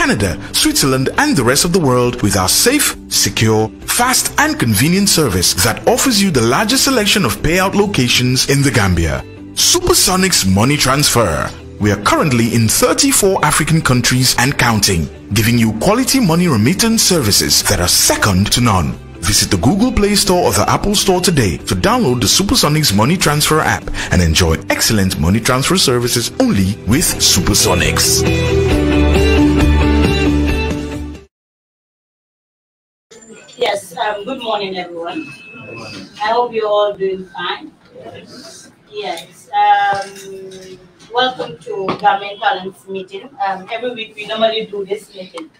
Canada, Switzerland, and the rest of the world with our safe, secure, fast, and convenient service that offers you the largest selection of payout locations in the Gambia. Supersonics Money Transfer. We are currently in 34 African countries and counting, giving you quality money remittance services that are second to none. Visit the Google Play Store or the Apple Store today to download the Supersonics Money Transfer app and enjoy excellent money transfer services only with Supersonics. Yes, um, good morning, everyone. Good morning. I hope you're all doing fine. Yes. yes um, welcome to Government Talents meeting. Um, every week we normally do this meeting,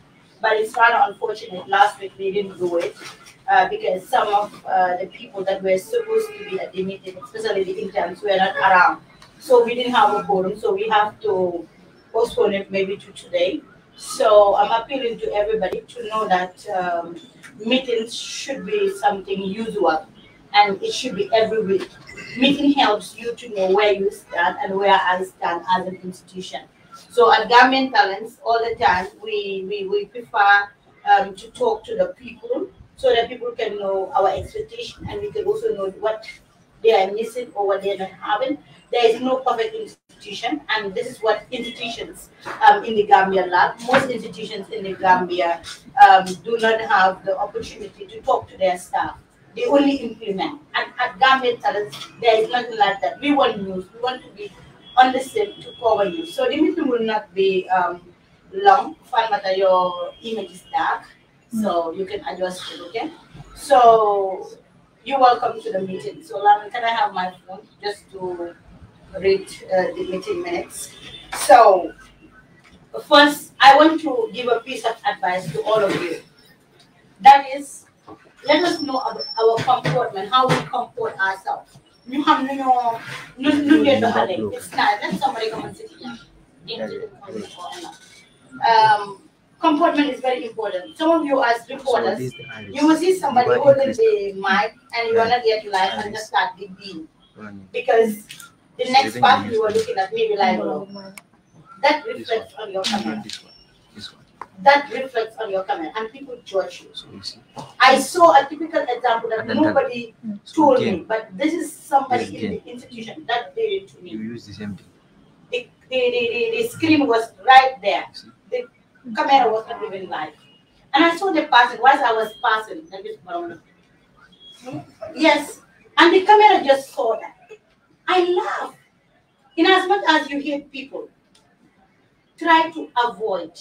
but it's kind of unfortunate. Last week we didn't do it uh, because some of uh, the people that were supposed to be at the meeting, especially the interns, were not around. So we didn't have a quorum, so we have to postpone it maybe to today. So I'm appealing to everybody to know that um, meetings should be something usual and it should be every week. Meeting helps you to know where you stand and where I stand as an institution. So at Gambian Talents, all the time, we, we, we prefer um, to talk to the people so that people can know our expectation and we can also know what they are missing or what they are not having. There is no perfect institution, and this is what institutions um, in the Gambia lack. Most institutions in the Gambia um, do not have the opportunity to talk to their staff. They only implement. And at Gambia Talents, there is nothing like that. We want news. We want to be on the same to cover you. So the meeting will not be um, long. Fine matter, your image is dark, so you can adjust it, okay? So you're welcome to the meeting. So, Lauren, can I have my phone just to read uh, the meeting minutes. So, first, I want to give a piece of advice to all of you. That is, let us know about our comportment, how we comport ourselves. You have no no no nu ngeen doxalee it's not that somebody come and sit here um, comportment is very important. Some of you as reporters, you will see somebody holding the mic and you are not yet live and just start the deal. Because the next part you were looking at, me, like oh, that reflects on your comment. This one. This one. That reflects on your comment, and people judge you. So I saw a typical example that nobody that, told again, me, but this is somebody in the institution that did it to me. You use the same thing. The, the, the, the screen was right there. The camera was not even live. And I saw the person, once I was passing, hmm? Yes. And the camera just saw that. I love. In as much as you hear people try to avoid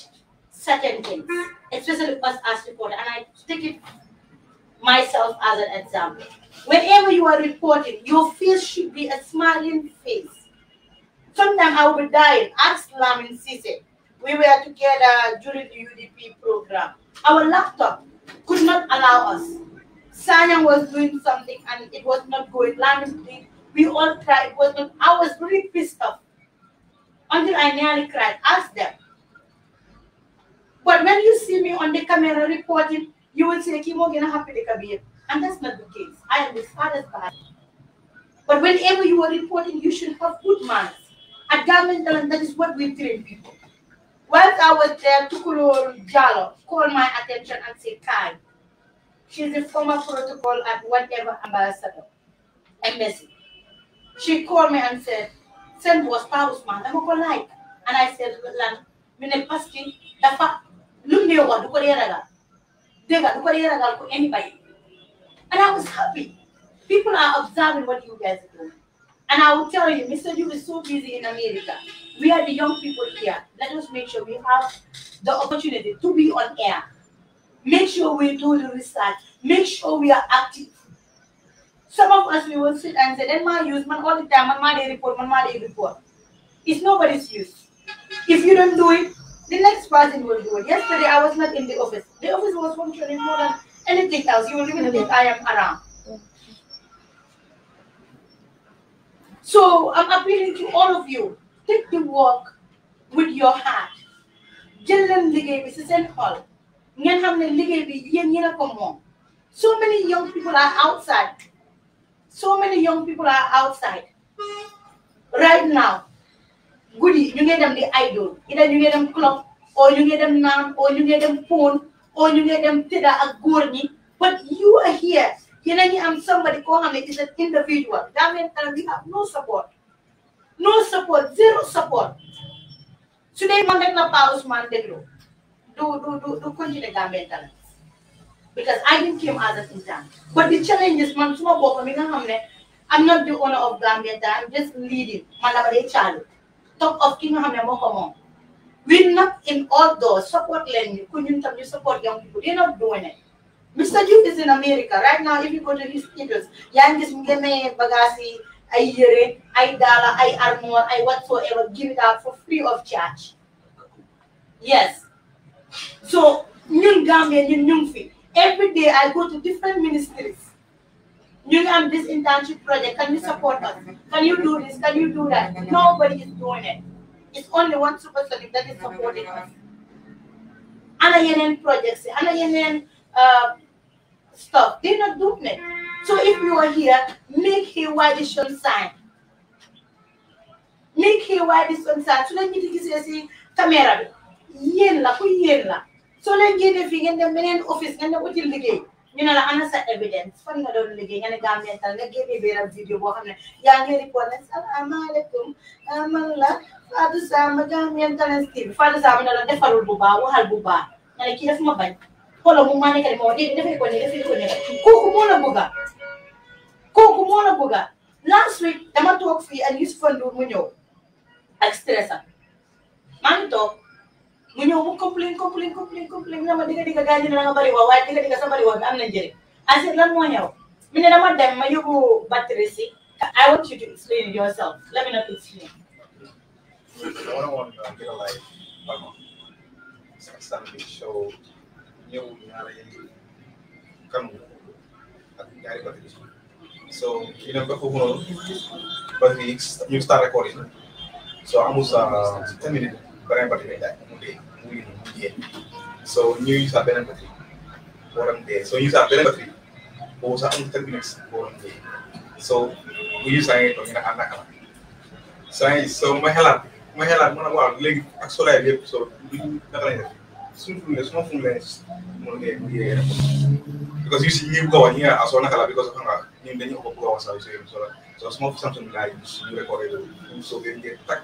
certain things, especially us as reporters, and I take it myself as an example. Whenever you are reporting, your face should be a smiling face. Sometimes I will be dying. Ask Lamin Sise. We were together during the UDP program. Our laptop could not allow us. Sanyang was doing something and it was not going. Lamin did we all cried. Was not, I was really pissed off until I nearly cried. Ask them. But when you see me on the camera reporting, you will say, Kimo, gonna happy to come here, And that's not the case. I am the father's body. But whenever you are reporting, you should have good manners. At government talent, that is what we train people. Whilst I was there, Tukuro Jalo called my attention and said, Kai, she's a former protocol at whatever ambassador, embassy. She called me and said, send was spouse man, I'm not like. And I said, Lan, mine paski, dafa, lumne wa duko yeraga. Dega duko yeraga ko anybody. And I was happy. People are observing what you guys do. And I will tell you, Mr. You is so busy in America. We are the young people here. Let us make sure we have the opportunity to be on air. Make sure we do the research. Make sure we are active some of us, we will sit and say, then my use, man, all the time, and my day report, man, my day report. It's nobody's use. If you don't do it, the next person will do it. Yesterday, I was not in the office. The office was functioning more than anything else. You will even think I am around. So I'm appealing to all of you. Take the work with your heart. jël leen liggéey bi si so many young people are outside so many young people are outside right now guddi ñu ngi dem di idol ida ñu ngi dem club oo ñu ngi dem naan oo ñu ngi dem phone oo ñu ngi dem tëdda ak góor ñi but you are here yéen a ngi am somebody koo xam ne is an individual that means that have no support no support zero support su man rek la Pa Ousmane déglu du du du du continuer Gambian Talents because I didn't came out of town. But the challenge is, man, suma I'm not the owner of Gambia, I'm just leading. Man, I'm a child. Top of king hamne mo komo. We're not in all those support lending. Couldn't you support young people? They're not doing it. Mr. Duke is in America. Right now, if you go to his videos, Yankees Mgeme Bagasi, I Yere, I Dala, I Armor, I whatsoever, give it out for free of charge. Yes. So, Nyun Gambia, Nyun Nyunfi, Every day I go to different ministries. You have this internship project. Can you support us? Can you do this? Can you do that? Nobody is doing it. It's only one super solid that is supporting us. Ana yenen projects, ana yenen uh, stuff. They're not doing it. So if you are here, make here why this should sign. Make here why this should sign. So let me take this camera. Yen la, ku yen la. soo leen génnee fii ngeen dem beneen office ngeen dem util liggéey ñu ne la ana sa evidence fan nga doon liggéey nga ne Gambian Talents nga génnee beneen vidéo boo xam ne yaa ngi report ne salaamaaleykum ah, man la Fatou Sama Gambian Talents TV Fatou Sama ne la defalul bu baax waxal bu baax nga ne kii daf ma bañ xoolal mu maa nekkale ma wax dégg dafay ko ne dafay ko ne kooku moo la bëgga kooku moo la bëgga last week dama toog fii ak Youssoupha Ndour mu ñëw ak stress am maa ngi toog Ganyan, complain, complain, complain, complain naman. Di ka di na nga diga Di ka di kasabaliwag. Ang nandiyan. Asir lang mo mina Minanaman dahil battery si. I want you to explain it yourself. Let me not explain. I don't want to get a life. sa show, at ba dito? So, ko start recording. So, 10 uh, minutes, here. So new user benefit. Orang there. So user benefit. Bosa ang terminus orang there. So we use ang ito na có lang. Science. So mahalat. Mahalat mo na wala. Leg actually ay lep. So do nakalaya. Sumfulness, sumfulness. Mo na kaya Because you see, you go here as one nakala because of hunger. Hindi niyo ko pagawa sa iyo. So so small something like you record it. So then get tak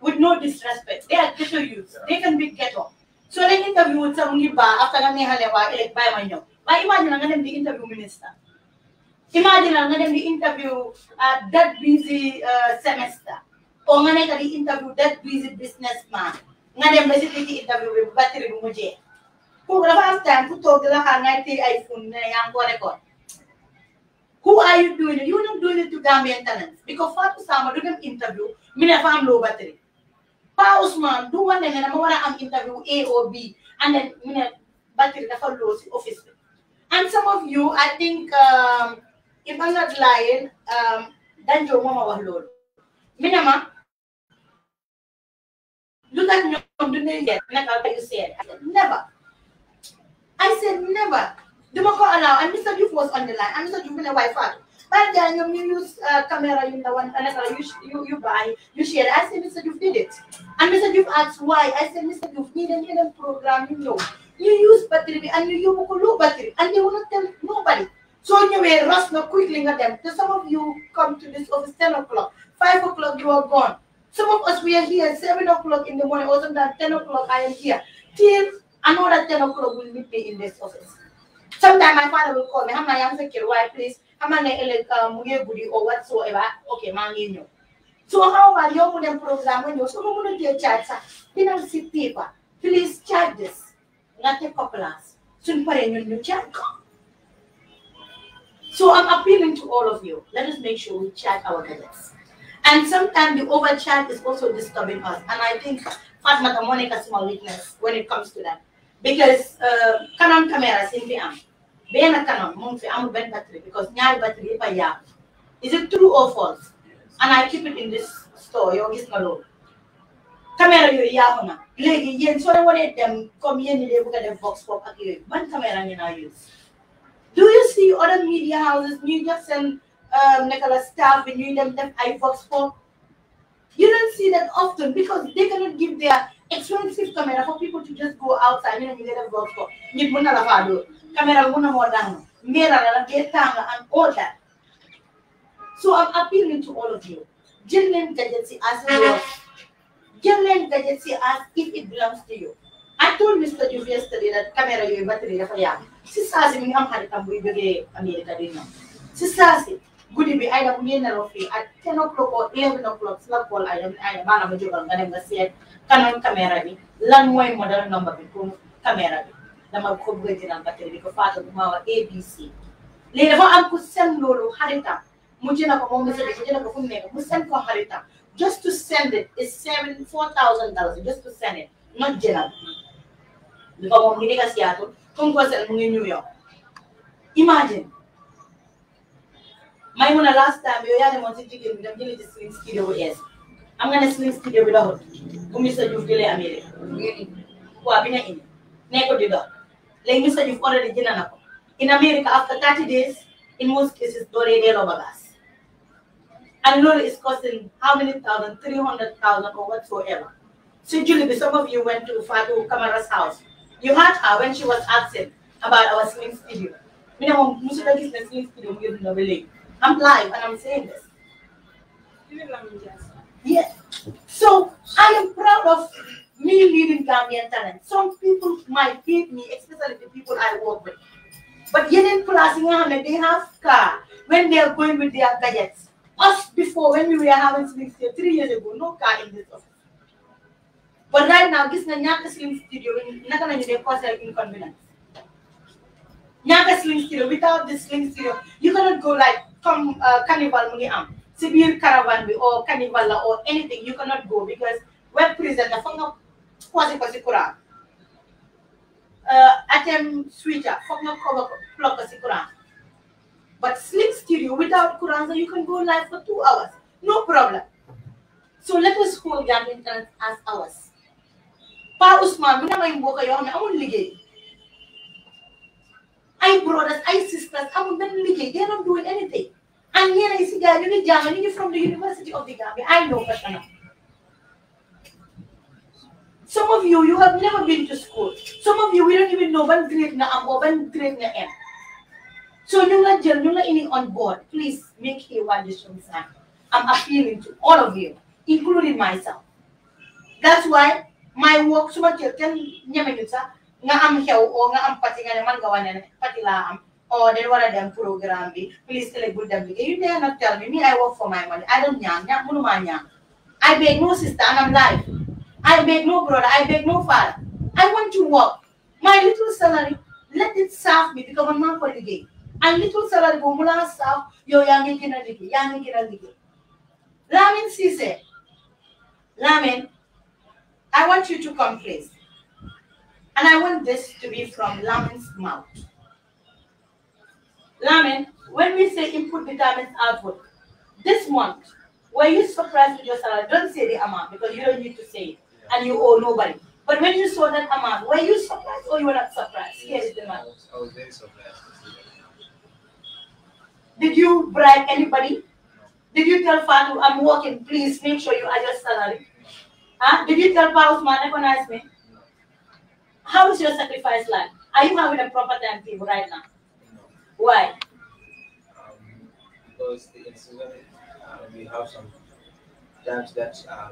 with no disrespect. They are ghetto youths. Yeah. They can be ghetto. So like interview with some ngiba after nga nehalewa like eh, by my nyo. But imagine nga them the interview minister. Imagine nga them the interview uh, that busy uh, semester. O nga nga the interview that busy businessman. Nga them basically the interview with battery mo je. Who grab first time who talk la ka nga ti iPhone na yang ko record. Who are you doing you do not doing it to Gambian talents. Because Fatu Sama do them interview, me never low battery. Pause man. Do one ma ne I'm war a am interview AOB and then mu ne batterie dafa low si office and some of you I think um, if I'm not lying Danjo moo ma wax loolu mi ne ma lu tax ñoom du ñuy njëriñ naka la yu I said never I said never duma ko allow and Mr Diouf was on the line and Mr Diouf mu ne waay Fatou but then you use uh, camera, uh, you know, one another, you, you, you buy, you share. I said, Mr. You've did it. And Mr. You've asked why. I said, Mr. You've a hidden program, you know. You use battery and you use battery and they will not tell nobody. So anyway, rush no quickly at them. So some of you come to this office 10 o'clock, 5 o'clock you are gone. Some of us we are here 7 o'clock in the morning, or sometimes 10 o'clock I am here. Till another 10 o'clock will be in this office. Sometimes my father will call me, I'm my why please? amane eleka muye budi or whatsoever okay manginyo so how are you mun dem program nyo so mo mun dey chatsa dinal sitiba please chat this ngate couples sun pare ñun ñu chat so I'm appealing to all of you. Let us make sure we chat our cadets. And sometimes the overchat is also disturbing us. And I think Fatma Monica is my weakness when it comes to that. Because uh, Canon camera simply am benn canon mu ngi fi am benn batterie because ñaari batterie yëpp a yàqu is it true or false and I keep it in this store yow gis nga loolu caméra yooyu yàqu na Legi, yéen soo waree dem comme yéen ñi dee bëgg a def vox pop ak yooyu ban caméra ngeen use do you see other media houses ñuy jox seen um, nekk la staff bi ñuy dem def ay vox pop you don't see that often because they cannot give their expensive camera for people to just go outside and get a ngi def golf ko nit mën na la faa dóor caméra mën na moo dàng meeral la dee tàng and all that so I'm appealing to all of you jël leen gadget as yours jël leen gadget as if it belongs to you I told Mr. Diouf yesterday that caméra you batterie dafa yàgg si saa si mi ngi am xaritam buy jógee Amérique di ñëw si guddi bi ay da bu ngeen nelaw fii at ten o'clock or eleven o'clock si la call ay ay maanaam a jógal nga dem nga seet kanam caméra bi lan mooy model number bi pour caméra bi dama ko bëgg a jëndal batterie bi ko faata bu ma ABC léegi dafa am ku seen loolu xaritam mu jënd ko moom mu sëñ bi jënd ko fu mu nekk mu seen ko xaritam just to send it is seven four thousand dollars just to send it not jëndal bi ko moom ngi nekk Seattle fu mu ko seen mu ngi New York imagine My Maimuna last time, you had a wanted to give them really the slim studio, yes. I'm gonna slim studio without Mr. You've really a minute. Who have been in? Neko did not. Like Mr. You've already done enough. In America, after 30 days, in most cases, Dore de Robagas. And Lori is costing how many thousand, 300,000 or whatsoever. So, Julie, some of you went to Fatu Kamara's house. You heard her when she was asking about our slim studio. Minimum, Musulagis, the slim studio, we didn't know I'm live and I'm saying this. Yes. So I am proud of me leading Gambian talent. Some people might hate me, especially the people I work with. But getting class in Ghana, they have car when they are going with their budgets. Us before, when we were having sleep studio three years ago, no car in this office. But right now, this is Nyaka Slim Studio, not going to cause inconvenience. Nyaka Slim Studio, without this Slim Studio, you cannot go like comme uh, carnival money, ngi am si caravan bi or carnival la or anything you cannot go because web prison dafa nga posé ko si courant uh, atem switcher foog cover plug ko but slick studio without courant you can go live for two hours no problem so let us hold that talent as ours Pa Ousmane mu ne may mbokk yoo xam ne amul ay brothers ay sisters amul benn liggéey they are not doing anything ang and ay Gallo ni Jamani ni from the University of the Gambia. I know personally. Some of you, you have never been to school. Some of you, we don't even know when grade na ang o, when grade na M. So yung na dyan, ini na ini on board. Please make a one decision. I'm appealing to all of you, including myself. That's why my work so much can nyame nga am hiyaw o nga am pati nga naman gawa na pati laam, order oh, wala dem programme bi Please tell bu dem you dare not tell me me I work for my money I don't ñaan ñaan mënuma ñaan I beg no sister and I'm live I beg no brother I beg no father I want to work my little salary let it serve me because man for the game and little salary go mu laa serve yow yaa ngi gën a liggéey yaa ngi Lamin Lamin I want you to come please and I want this to be from Lamin's mouth Lamin, when we say input determines output, this month, were you surprised with your salary? Don't say the amount because you don't need to say it yeah. and you owe nobody. But when you saw that amount, were you surprised or you were not surprised? Yes, Here's the amount. I, I was, very surprised. Did you bribe anybody? Did you tell Fatu, I'm working, please make sure you adjust salary? Huh? Did you tell Paus, man, recognize me? How is your sacrifice like? Are you having a proper time people, right now? Why? Um, because the incident, uh, we have some times that um, uh,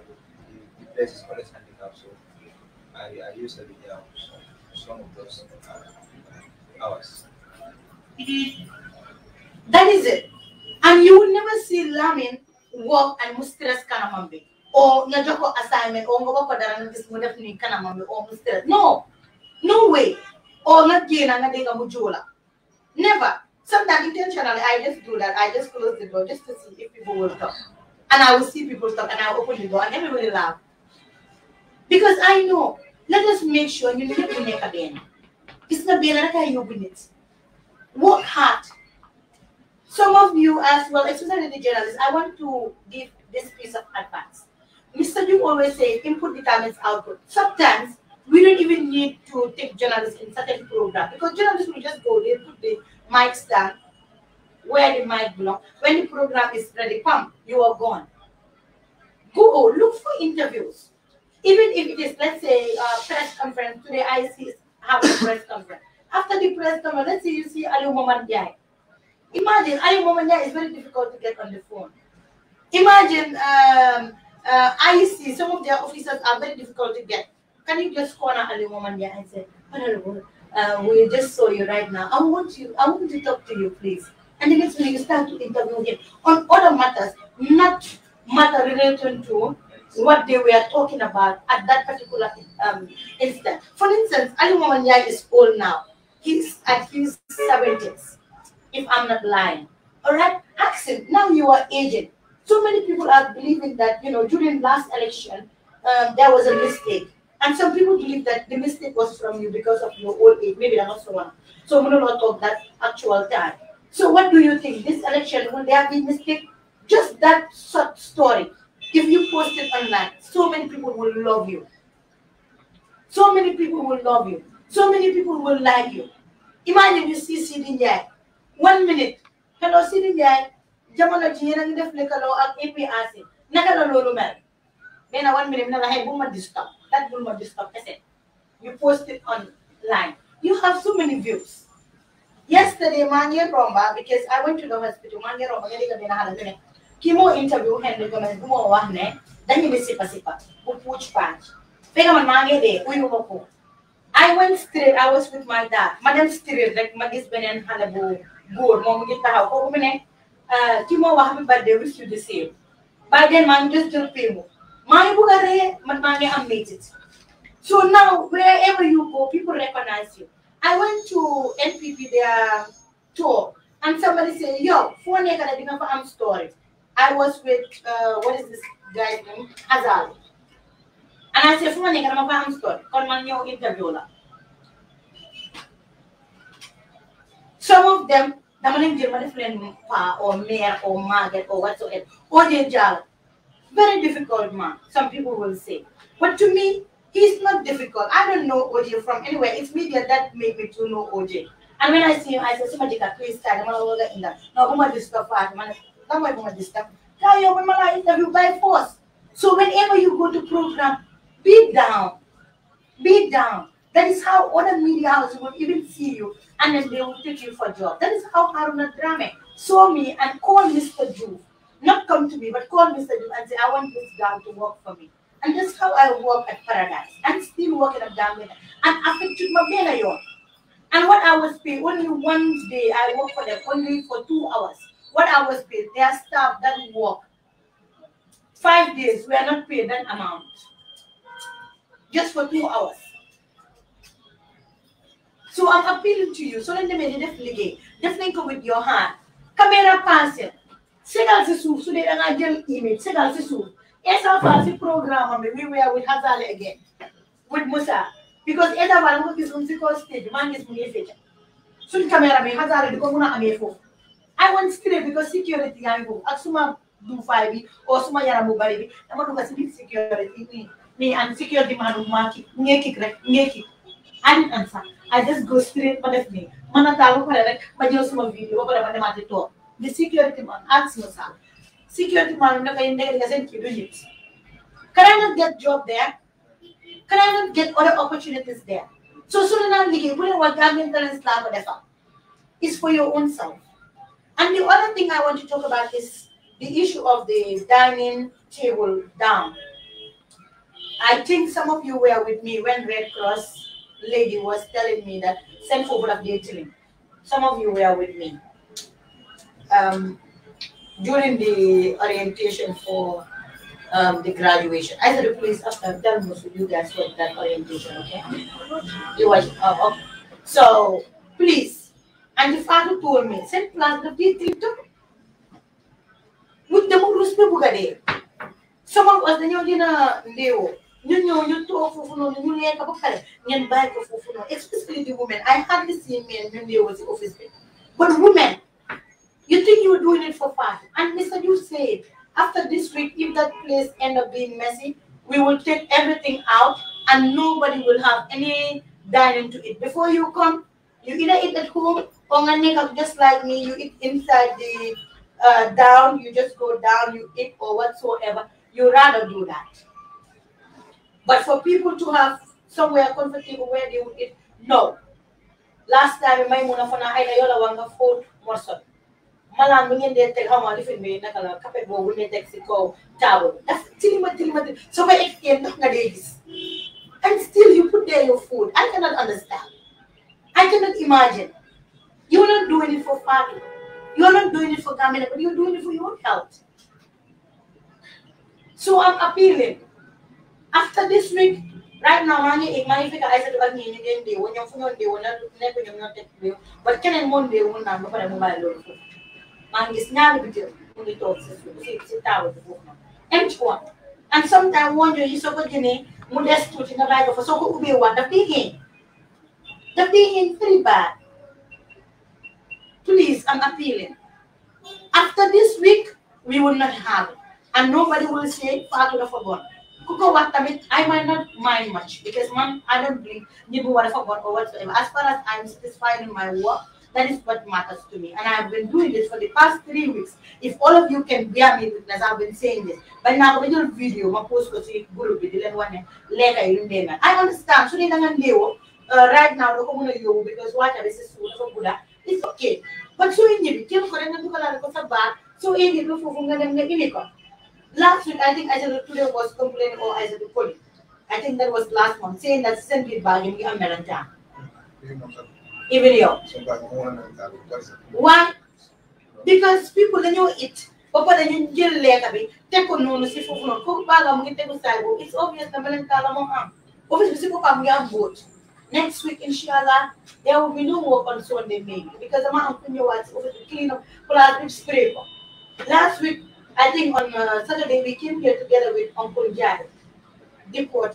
the, the place is always handicapped, so I, I use the video some, some of those uh, hours. Mm-hmm. That is it. And you will never see Lamin walk and Mustiras Kanamambe. Or Nyajoko assignment, or Ngoko Daranagis Mudafni Kanamambe, or Mustiras. No, no way. Or Nagina Nadega Mujula. Never. Sometimes intentionally, I just do that. I just close the door just to see if people will stop. And I will see people stop and I will open the door and everybody laugh. Because I know, let us make sure you never make a bend. It's not bend, like I open it. Work hard. Some of you as well, especially the journalists, I want to give this piece of advice. Mr. Duke always say, input determines output. Sometimes we don't even need to take journalists in certain program because journalists will just go there, put the mics down where the mic belong. When the program is ready, pump, you are gone. Google, oh, look for interviews. Even if it is, let's say, a press conference today, I see have a press conference. After the press conference, let's say you see Ali there. Imagine Ali Momandai is very difficult to get on the phone. Imagine um, uh, some of their officers are very difficult to get can you just corner a woman there and say, uh, we just saw you right now. I want you, I want to talk to you, please. And the next minute you start to interview him on other matters, not matter relating to what they were talking about at that particular um, instant. For instance, Ali Momanyai is old now. He's at his 70s, if I'm not lying. All right? Ask him, now you are aging. So many people are believing that, you know, during last election, um, there was a mistake. And some people believe that the mistake was from you because of your old age. Maybe I'm not so one. So we do not talk that actual time. So what do you think? This election, will there be mistake? Just that short story. If you post it online, so many people will love you. So many people will love you. So many people will like you. Imagine you see sitting there. One minute. Hello Sidi Njai. jamono ji yéen a ngi the lëkkaloo ak APRC naka la loolu mel. Then I want me to ne la hey bu ma disturb that will not disturb person. You post it online. You have so many views. Yesterday, Manye Romba, because I went to the hospital, Manye Romba, nga ka a minute. eh. Kimo interview, hindi ko man gumawa ne, dahil may sipa Who pupuch punch. Pega man Manye de, uyo mo po. I went straight, I was with my dad. Madam straight, like magis benen halabu, gur, mo mungin tahaw. Kung kumine, Kimo wa happy birthday, wish you the same. By then, man, just still pay so now, wherever you go, people recognize you. I went to NPP, their tour, and somebody said, yo, for you're gonna be for am story. I was with, uh, what is this guy's name? Hazal. And I said, "For you're gonna for am story. Come on, interview interviewer. Some of them, the man in German friend, or mayor, or market, or whatsoever, or they very difficult man, some people will say. But to me, he's not difficult. I don't know OJ from anywhere. It's media that made me to know OJ. And when I see him, I say, somebody can please start. I'm going to in that. No, I'm going to discover that. I'm going to Guy, you're going to interview by force. So whenever you go to program, be down. Be down. That is how other media houses will even see you and then they will take you for a job. That is how Haruna Drame saw me and called Mr. Juve not come to me, but call Mr. and say, I want this girl to work for me. And is how I work at Paradise. I'm still working at Gambia. And I after Chukmabela yon. And what I was paid, only one day I work for them, only for two hours. What I was paid, their staff that work five days, we are not paid that amount. Just for two hours. So I'm appealing to you. So let me definitely definitely go with your hand. Camera passing. segal si suuf su dee da ngaa jël email segal si suuf Essa Faal si programme am bi we were with Hazale again with Musa because Essa Faal nga gis moom si stage maa ngi gis mu ngi fecca suñ caméra bi Hazale di ko mun a amee I went straight because security yaa ngi foofu ak suma duufaay bi oo suma yaram bu bi dama dugg si biir security nii nii security maa dugg kik ngee kik rek ngee kik and I just go straight ma def nii ma nataal ba pare rek ma jël suma vidéo ba pare ma the security man asks yourself, security man, look in there, doesn't do it. Can I not get job there? Can I not get other opportunities there? So sooner than later, you putting what government and slab whatever is for your own self. And the other thing I want to talk about is the issue of the dining table down. I think some of you were with me when Red Cross lady was telling me that send for blood dating. Some of you were with me um, during the orientation for um, the graduation. I said, please uh, tell most of you guys what that orientation, okay? It was, uh, okay. So, please. And the father told me, send plant the tito. With the murus people there. Some of us, the dina léewo. ñu ñëw ñu two of noonu ñu lekk ba pare ngeen bàyyi of foofu especially the women I hardly see men they were the office bi but women you think you are doing it for fun. And Mister, you said, after this week, if that place end up being messy, we will take everything out and nobody will have any dining to eat. Before you come, you either eat at home or just like me, you eat inside the uh, down, you just go down, you eat or whatsoever. You rather do that. But for people to have somewhere comfortable where they would eat, no. Last time, my mona I had yola wanga food morson teg lifin bi naka la boobu teg si kaw table daf tilima tilima expliqué nga dee gis and still you put there your food I cannot understand I cannot imagine you're not doing it for family you're not doing it for family but you're doing it for your own health so I'm appealing after this week right now maa ngi maa ngi fekk ay sa ak ñii ñu ngeen deewoo ñoom fu ñoo deewoo na nekk ñoom ñoo teg deew ba keneen moom deewul naan ba pare mu bàyyi loolu foofu man jest nigdy mówi to si taawu bi foofu noonu dem ci woon and sometimes woon you soo ko jëlee mu des tuuti nga bàyyi ko fa soo ko ubbee woon daf the xeeñ daf dee very bad please I'm appealing after this week we will not have it and nobody will say faatu dafa bon ku what I mean, I might not mind much because man I don't believe ñi bu war a fa bon or whatsoever as far as I'm satisfied in my work that is what matters to me. And I've been doing this for the past three weeks. If all of you can bear me witness, I've been saying this. But now, when your video, my post ko si guru bidilan wane, leka yun dena. I understand. So, nilangan lewo, uh, right now, loko muna you because what water is so, good. Ah, it's okay. But so in you, kaya ko rin na dukalala ko sa bar, so in you, fufu nga nang nagini ko. Last week, I think I said today was complaining or I said to Kuli. I think that was last month, saying that send bargain. back in America. Ibiriyo. waaw because people dañoo it eat. Papa ñu jël lekka bi Take on no si foofu No cook baaga mu ngi tegu saay boobu it's obvious na beneen kaala moo am office bi si next week inshallah there will be no more on Sunday maybe because dama am ku ñëwaat si office bi clean up place bi spray ko last week I think on uh, Saturday we came here together with Uncle Jai deport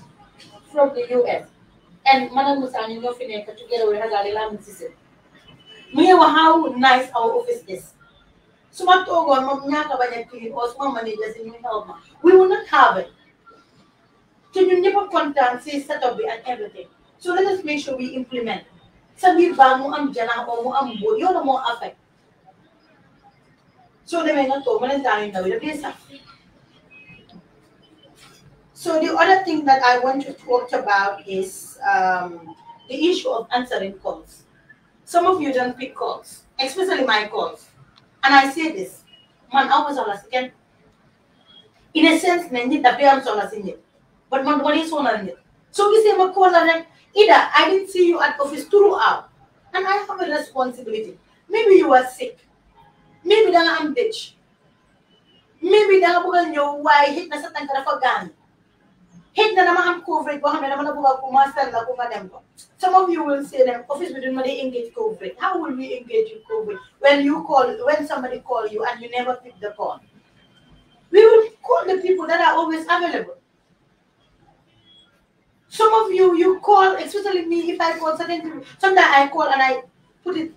from the US and Madam Musa ñoo fi together with Hazali Lamin Cissé mu ngi wax how nice our office is su ma toogoon moom ñaaka bañ a clean or suma manager si ñu help ma we will not have it To ñun ñëpp a kontaan si setup and everything so let us make sure we implement sa biir baa mu am janaax oo mu am mbóot yow la moo affect soo demee nga toog ma ne taa ñu ndaw yi daf so the other thing that I want to talk about is um, the issue of answering calls. Some of you don't pick calls, especially my calls. And I say this, man, I was all again. In a sense, Nanji, the parents all as in it. But man, what is one on it? So we say, my call, and either I didn't see you at office throughout, and I have a responsibility. Maybe you were sick. Maybe that I'm bitch. Maybe that I'm going to know why I hit my son and Hit na naman ang naman na Some of you will say them, office don't really engage COVID. How will we engage in COVID When you call, when somebody call you and you never pick the call. We will call the people that are always available. Some of you, you call, especially me, if I call certain people, sometimes I call and I put it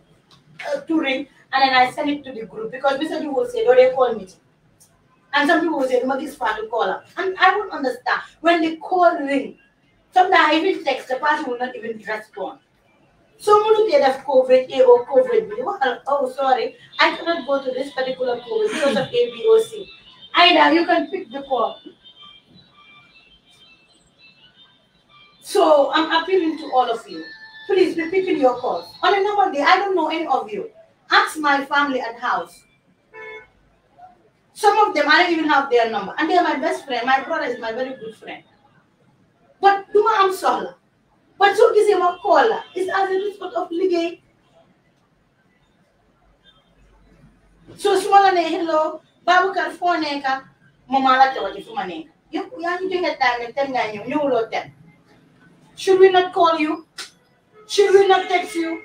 uh, to ring and then I send it to the group because Mr. You will say, no, they call me. And some people will say, "Why Spark to call up. And I do not understand. When they call ring, sometimes I even text, the person will not even respond. Someone who did have COVID A or COVID B, well, oh, sorry, I cannot go to this particular COVID because of A, B, or C. Either you can pick the call. So I'm appealing to all of you. Please be picking your calls. On a normal day, I don't know any of you. Ask my family and house some of them, I don't even have their number. And they are my best friend. My brother is my very good friend. But do I am sola. But so is a caller. It's as a result of ligay. So small ne hello, babu California mama la tawa ji fuma ne. You are doing a time and ten nine you will ten. Should we not call you? Should we not text you?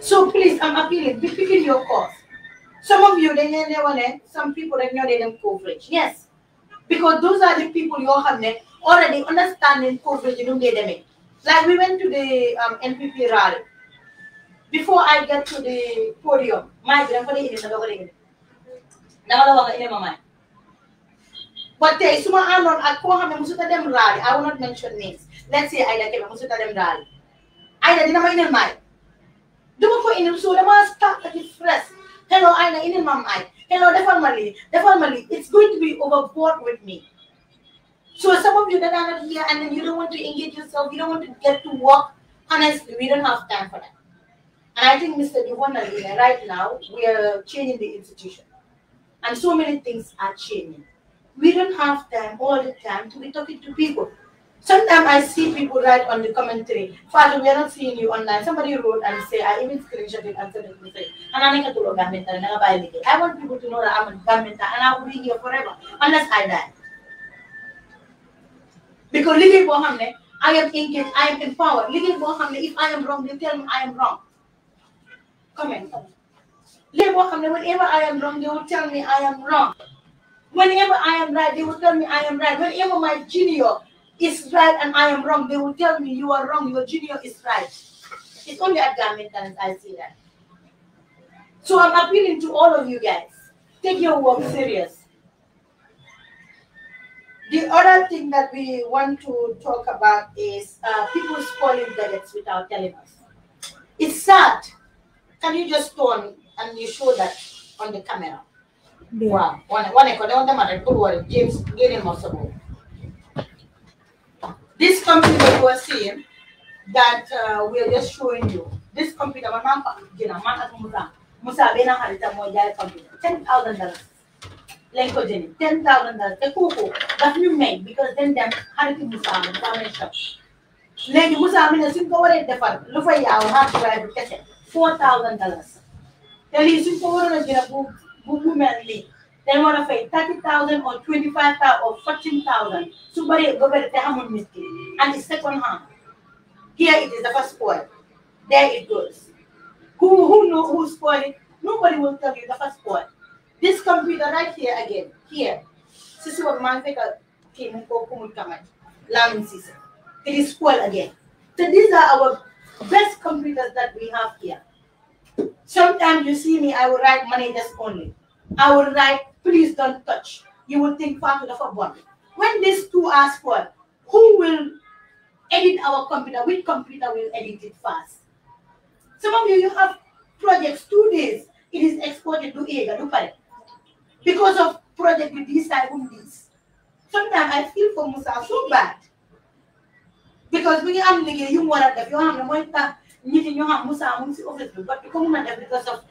So please, I'm appealing. Be picking your call. Some of you, they know never Some people, they know they them coverage. Yes. Because those are the people you have already understanding coverage, you know, they them. Like we went to the um, NPP rally. Before I get to the podium, my grandfather is not Now, going to but there is someone I know at Koham and Musuta them rally. I will not mention names. Let's say I them. and Musuta them rally. I didn't know in my. Do for in so the master at the first hello I know. inil mam ay hello the family, it's going to be overboard with me so some of you that are not here and then you don't want to engage yourself you don't want to get to work honestly we don't have time for that and i think mr Devon right now we are changing the institution and so many things are changing we don't have time all the time to be talking to people Sometimes I see people write on the commentary, Father, we are not seeing you online. Somebody wrote and say, I even screenshot it and sent it to say, and I make a government and never buy it. I want people to know that I'm a government and I will be here forever unless I die. Because living Bohamne, I am engaged, I am empowered. Living Bohamne, if I am wrong, they tell me I am wrong. Comment. Living Bohamne, whenever I am wrong, they will tell me I am wrong. Whenever I am right, they will tell me I am right. Whenever my junior is right and I am wrong. They will tell me you are wrong, your junior is right. It's only at garment that I see that. So I'm appealing to all of you guys. Take your work serious. The other thing that we want to talk about is uh, people spoiling gadgets without telling us. It's sad. Can you just turn and you show that on the camera? Yeah. Wow. One, one, one, one, one, one, one, one, one, one, one, one, one, one, this computer that you are seeing that uh, we are just showing you, this computer, my mom, you know, my mom, Musa Bena had it a more computer, ten thousand dollars. Lenko oh, Jenny, ten thousand dollars. The cuckoo that you make because then them had it in Musa and Samin shop. Lady Musa Amin is in power at the farm. Lufa Yao had to drive four thousand dollars. Then he's in power at the womanly dañ war a fay thirty thousand or twenty five thousand or fourteen thousand su bëree ba bëri te xamul nit ki and the second hand here it is dafa spoil there it goes who who know who spoil it nobody will tell you dafa spoil this computer right here again here si si wag maa fekk kii mu ko kumul kamat it is spoil again so these are our best computers that we have here sometimes you see me I will write managers only I will write please don't touch. You will think father of a body. When these two ask for who will edit our computer, which computer will edit it first? Some of you, you have projects two days, it is exported to Ega, look at it. Because of project with this, I will this. Sometimes I feel for Musa so bad. Because when you are looking, you want to you have no that meeting you have Musa, Musa, office, but you come and because of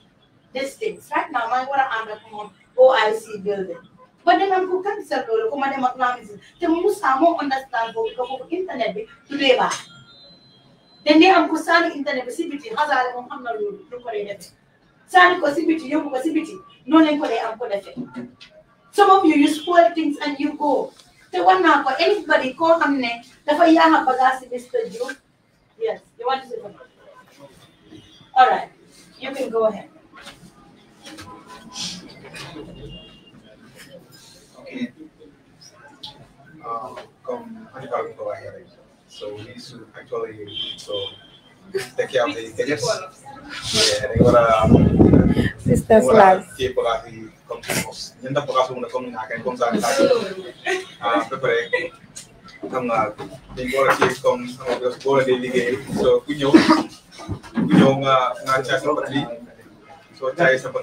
these things. Right now, my water, under am not OIC building. But then I'm going to cancel the command them acknowledge it. The Musa more understand what internet to labor. Then i am kusani internet sibiti hazara ko hamna lu lu ko net. Sani ko sibiti yobu ko sibiti no len ko le am ko Some of you you spoil things and you go. The one now for anybody call hamne dafa ya ha bagasi Mr. Yes, you want to say something? All right. You can go ahead. and um, come So we used to actually so take care of the tickets. Yeah, they wanna Sisters life. Keep para y continuamos. Yenda por caso una comida que encontramos. Ah, prepare. Tama tinggal si So kunyo kunyo nga nga cakap so okay so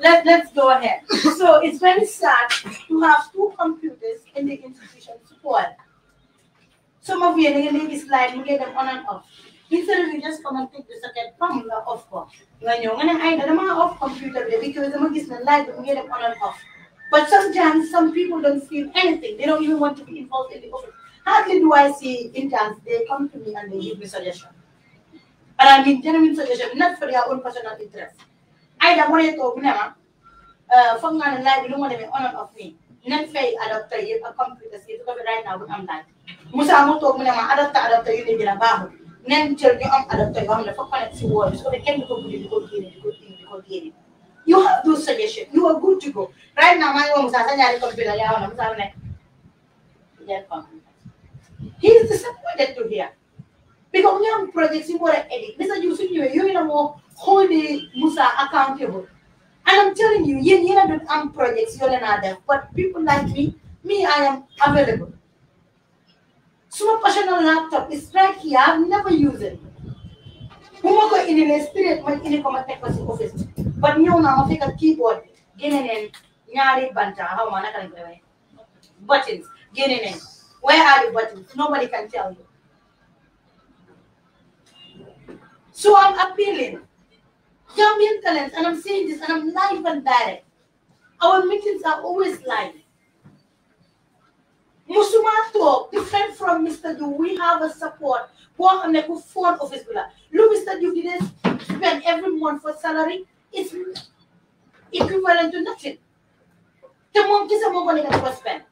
let, let's go ahead so it's very sad to have two computers in the institution support some of you are going to slide you get them on and off instead of you just come and take the second, from off. off ko nga ñew nga ne ay dama off computer bi because dama gis the light We get them on and off but sometimes some people don't feel anything. They don't even want to be involved in the office. Hardly do I see interns, they come to me and they give me suggestions. And I mean genuine suggestions, not for their own personal interest. I don't to talk now. From my life, you don't want to be on of me. Not fair adopter, you have computer skills, because right now I'm not. Musa mo talk me now, adopter, adopter, you need to be nen jël ñu am adapté yoo xam ne dafa connect si wóor So su can defee kenn du ko buddi di ko génne di ko indi di you have those suggestions. You are good to go. Right now, my mom He is disappointed to hear. Because we have projects in what edit. Mr. Yusuf, you are more hold the Musa accountable. And I'm telling you, you are don't projects, you're another. But people like me, me, I am available. Super personal laptop is right here. I've never used it. Who in an spirit, my in to the office. But you know, I think a keyboard bi in neen buttons getting in. where are the buttons nobody can tell you so I'm appealing I'm talents and I'm saying this and I'm live and direct our meetings are always live musuma toog different from Mr. Do, we have a support boo xam ne ku phone office bi la lu Mr. this di spend every month for salary is equivalent to nothing te moom kese moo ko nekk di ko spend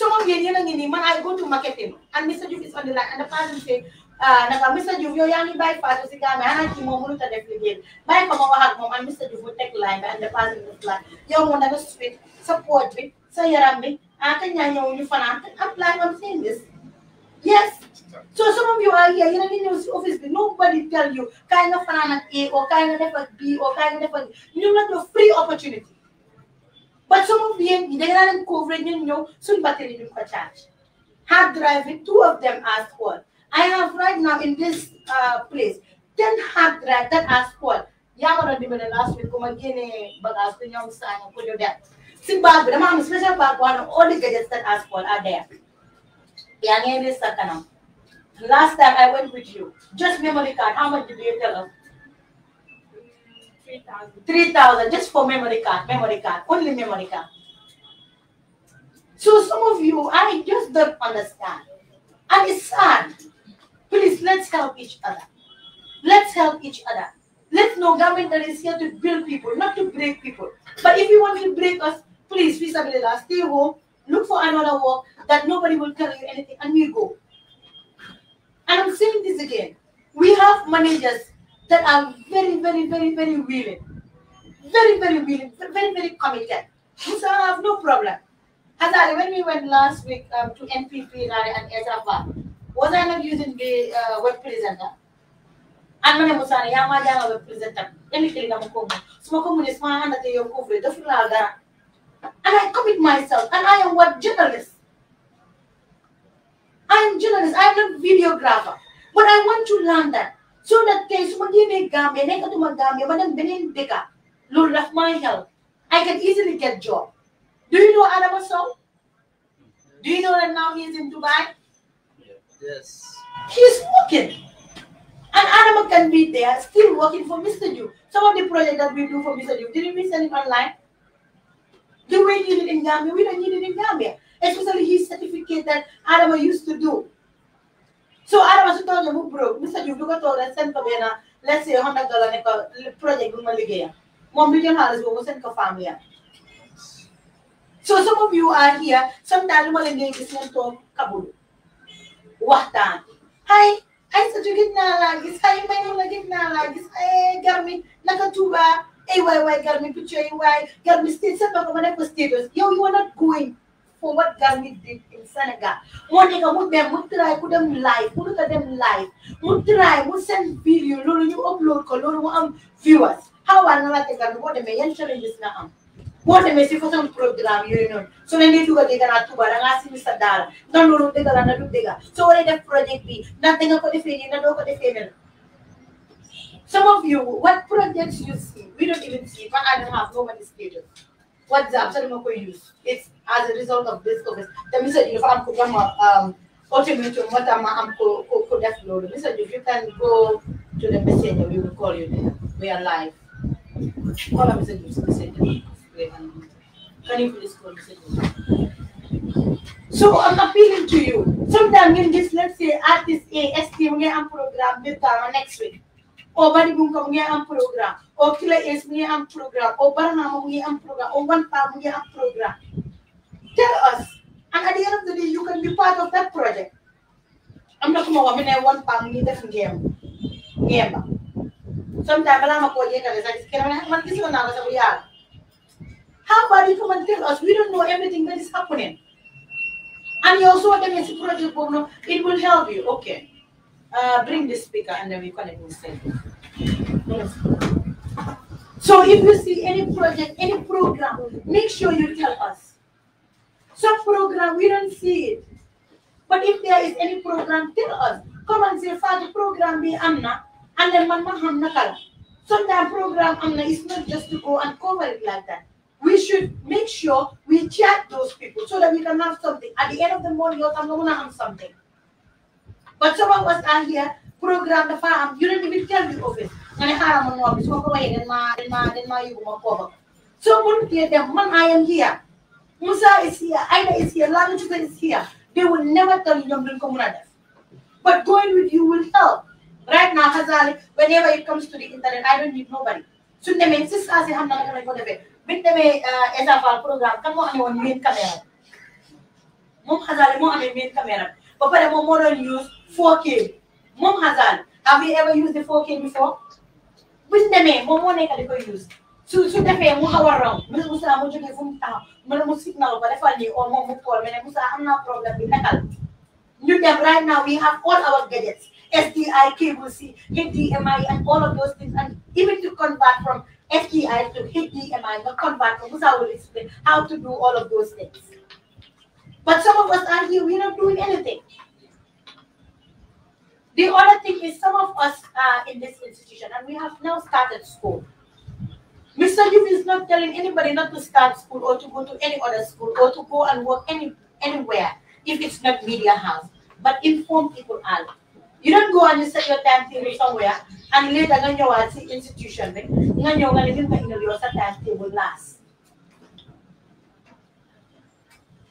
some of yéen yéen a ngi man I go to marketing and Mr Diouf is on the line and the person say uh, naka Mr Diouf yow yaa ngi bàyyi Fatou si Gambie xanaa ci moom mënut a def liggéey bi bàyyi ma wax ak moom and Mr Diouf mu teg line bi and the person is like yow moom naka sweet sa poor bi sa yaram bi ah kañ laa ñu fanaan am plan am seen Yes. So some of you are here, you're in the office, but nobody tell you kind of an A or kind of B or kind of an you not know free opportunity. But some of you they're not covering you know soon battery you can charge. Hard driving, two of them asked squad. I have right now in this uh, place 10 hard drive that are squad. Yama don't the last week come again, but as the young son, put your dad. See, Bob, the mom, special Bob, one of all the gadgets that asked squad are there. Your name this Sakana. Last time I went with you, just memory card, how much did you tell us? 3,000. 3,000 just for memory card, memory card, only memory card. So some of you, I just don't understand. And it's sad. Please, let's help each other. Let's help each other. Let's know government that is here to build people, not to break people. But if you want to break us, please, vis a stay home, look for another work that nobody will tell you anything, and you go. And I'm saying this again. We have managers that are very, very, very, very willing. Very, very willing, very, very committed. So I have no problem. I, when we went last week um, to NPP Rally and Ezra was I not using the uh, web presenter? And when I was not a the web presenter, anything I'm going to do, I'm going to smoke, I'm going to smoke, I'm going and I commit myself. And I am what journalist. I am journalist. I am not videographer. But I want to learn that. So that case, when you make Gambia, nekatuma Gambia, when I'm benin deka, Lord of my help, I can easily get job. Do you know Adam Assault? Do you know that now he's in Dubai? Yes. He's working. And Adam can be there, still working for Mr. You. Some of the projects that we do for Mr. You, didn't we send him online? Do we need it in Gambia? We don't need it in Gambia. Especially his certificate that Adama used to do. So Adama should tell you broke. Mr. Jubuka told us send for me now. let's say hundred dollar project in Maligaya. One million dollars will send for family. So some of you are here, sometimes Maligaya is not to Kabul. Wahtan. Hi, I said you get na lagis. Hi, my mother get na lagis. Hey, Garmin, nakatuba. hey, why, why, Garmin picture you, why, Garmin still set back on my status. Yo, you are not going for what Garmin did in Senegal. One nigga would them, would try, put them live, put look at them live, would try, would send video, lolo, you upload, lolo, um, viewers. How are not like Garmin, what am I, yan challenges na am. What am I, see for some program, you know. So when they do a digger at Tuba, and ask Mr. Dara, no, no, no, digger, and a digger. So what is the project be? Nothing of the failure, no, Some of you, what projects you see, we don't even see. But I do One and a half, nobody's creative. What the absolute we use? It's as a result of this COVID. The message you have come um automated what I'm could have loaded. if you can go to the messenger, we will call you there. We are live. Call a messenger. messenger. Can you please call messenger? So I'm appealing to you. Sometimes in this, let's say artist A, ST, I'm program this time next week. o bari mum kam ngi am program o es ngi am program, o na ngi am program o wanta ngi am program tell us and at the end of the day you can be part of that project am na kuma wamine one pa ngi def ngem ngemba sometimes bala ma ko yegale sa kira man kisi na ko sa yalla how about you come and tell us we don't know everything that is happening and you also want make to project it will help you okay uh, bring the speaker and then we it instead. So if you see any project, any program, make sure you tell us. Some program, we don't see it. But if there is any program, tell us. Come and say, Father, program be Amna, and then Mama Hamna Kala. Sometimes program Amna is not just to go and cover it like that. We should make sure we chat those people so that we can have something. At the end of the morning, you're going to have something. But some of us are here, program the farm, you don't even tell the office nga They will never tell you Yomdun Komunadef. But going with you will help. Right now, Hazali, whenever it comes to the internet, I don't need nobody. So they may insist as i not going to go to bed. With the program, come on, on main camera. Mom Hazali, mom, I'm main camera. Papa, the mom, use 4K. Mom Hazali, have you ever used the 4K before? bu ñu demee moom moo nekk di koy use su the defee mu xaw a raw mu Moussa mu jógee fu mu taxaw mu ne mu signal ko defal nii oo moom mu kool mu ne Moussa am naa problem, bi nekkal You dem right now we have all our gadgets SDI cable C HDMI and all of those things and even to convert from SDI to HDMI the convert ko Moussa will explain how to do all of those things but some of us are here we are not doing anything. The other thing is some of us are in this institution and we have now started school. Mr. Youth is not telling anybody not to start school or to go to any other school or to go and work any, anywhere if it's not media house. But inform people out. You don't go and you set your timetable somewhere and later when you are at the institution, when you are living in your timetable last.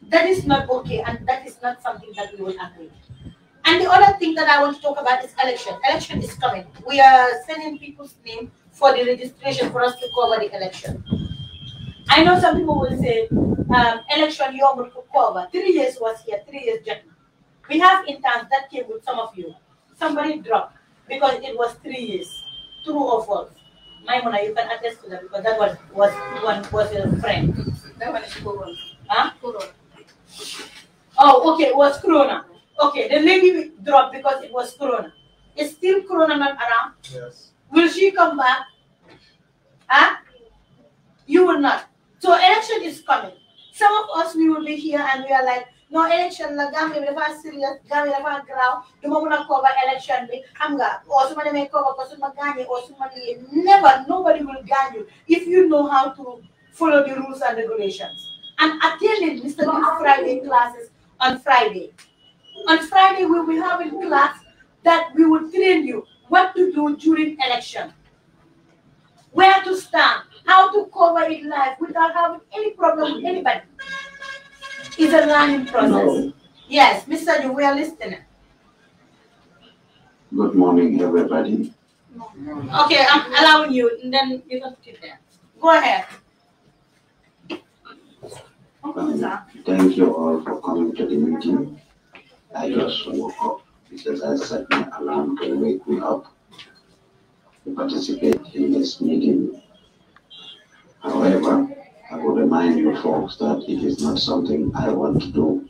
That is not okay and that is not something that we will agree. And the other thing that I want to talk about is election. Election is coming. We are sending people's name for the registration for us to cover the election. I know some people will say, um, election you will cover. Three years was here, three years gentlemen. We have interns that came with some of you. Somebody dropped because it was three years, true or false. Maimuna, you can attest to that because that was was one was your friend. That one is Corona. Huh? Corona. Oh, okay, it was Corona. Okay, the lady dropped because it was Corona. Is still Corona not around? Yes. Will she come back? Huh? You will not. So election is coming. Some of us, we will be here and we are like, no election la gami bi dafa serious Gambia dafa grave The moment a cover election we xam nga oo oh, su cover ko su ma gaañee oo oh, never nobody will gaañ you if you know how to follow the rules and regulations and attending Mr. Friday classes on Friday on Friday, we will have in class that we will train you what to do during election, where to stand, how to cover it live without having any problem with anybody. It's a learning process. Yes, Mr. we are listening. Good morning, everybody. Okay, I'm allowing you, and then you can keep there. Go ahead. Um, thank you all for coming to the meeting. I just woke up because I set my alarm to wake me up to participate in this meeting. However, I would remind you folks that it is not something I want to do.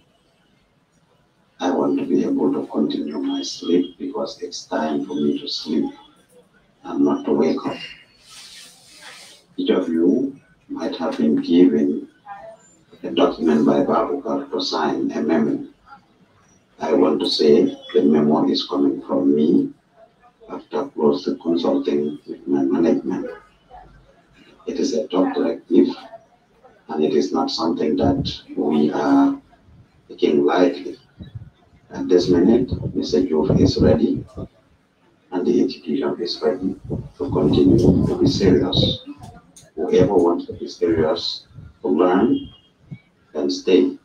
I want to be able to continue my sleep because it's time for me to sleep and not to wake up. Each of you might have been given a document by Babukar to sign a memo I want to say the memo is coming from me after close consulting with my management. It is a top directive and it is not something that we are taking lightly. At this minute, Mr. Jove is ready and the institution is ready to continue to be serious. Whoever wants to be serious to learn and stay.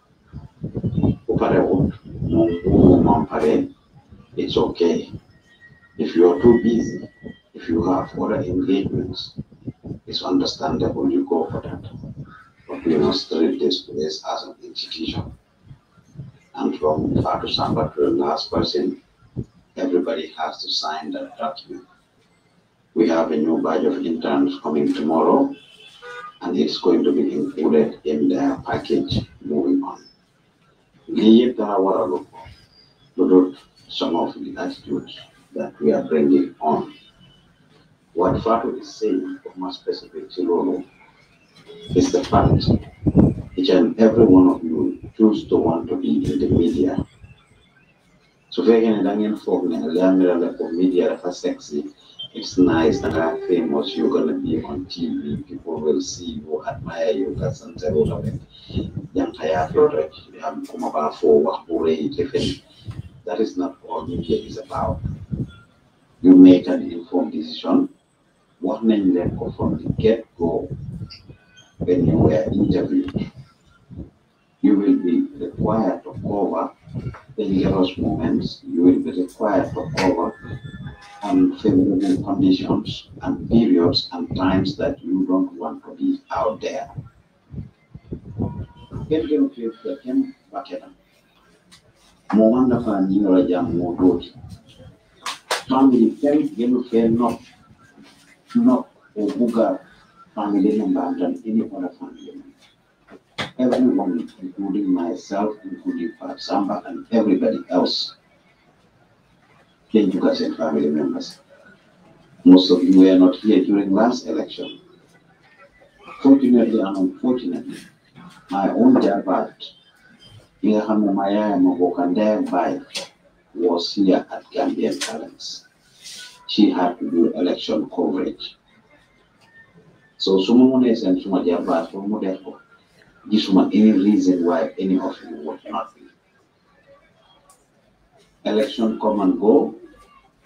Open don't it's okay. If you are too busy, if you have other engagements, it's understandable you go for that. But we must treat this place as an institution. And from far to Samba to the last person, everybody has to sign that document. We have a new batch of interns coming tomorrow, and it's going to be included in their package moving on leave the Guadalupe to root some of the attitudes that we are bringing on. What Fatu is saying for my specific role, is the fact each and every one of you choose to want to be in the media. So, if you're going to learn from media, that's sexy it's nice that how famous you're gonna be on TV. People will see you, admire you, that's and a lot of it. Yang kaya favorite, yang kumaba for wahpure different. That is not all media is about. You make an informed decision. What made them go from the get-go when you were interviewed? You will be required to cover the those moments, you will be required for over unfavorable conditions and periods and times that you don't want to be out there. Family family everyone, including myself, including Samba and everybody else. Kenjukas and family members. Most of you were not here during last election. Fortunately and unfortunately, my own dad, Ingahamu Maya Mokokandaya was here at Gambian Talents. She had to do election coverage. So Sumumune and Sumadia Bai from Modeko. Gishuma any reason why any of you would not be. Election come and go,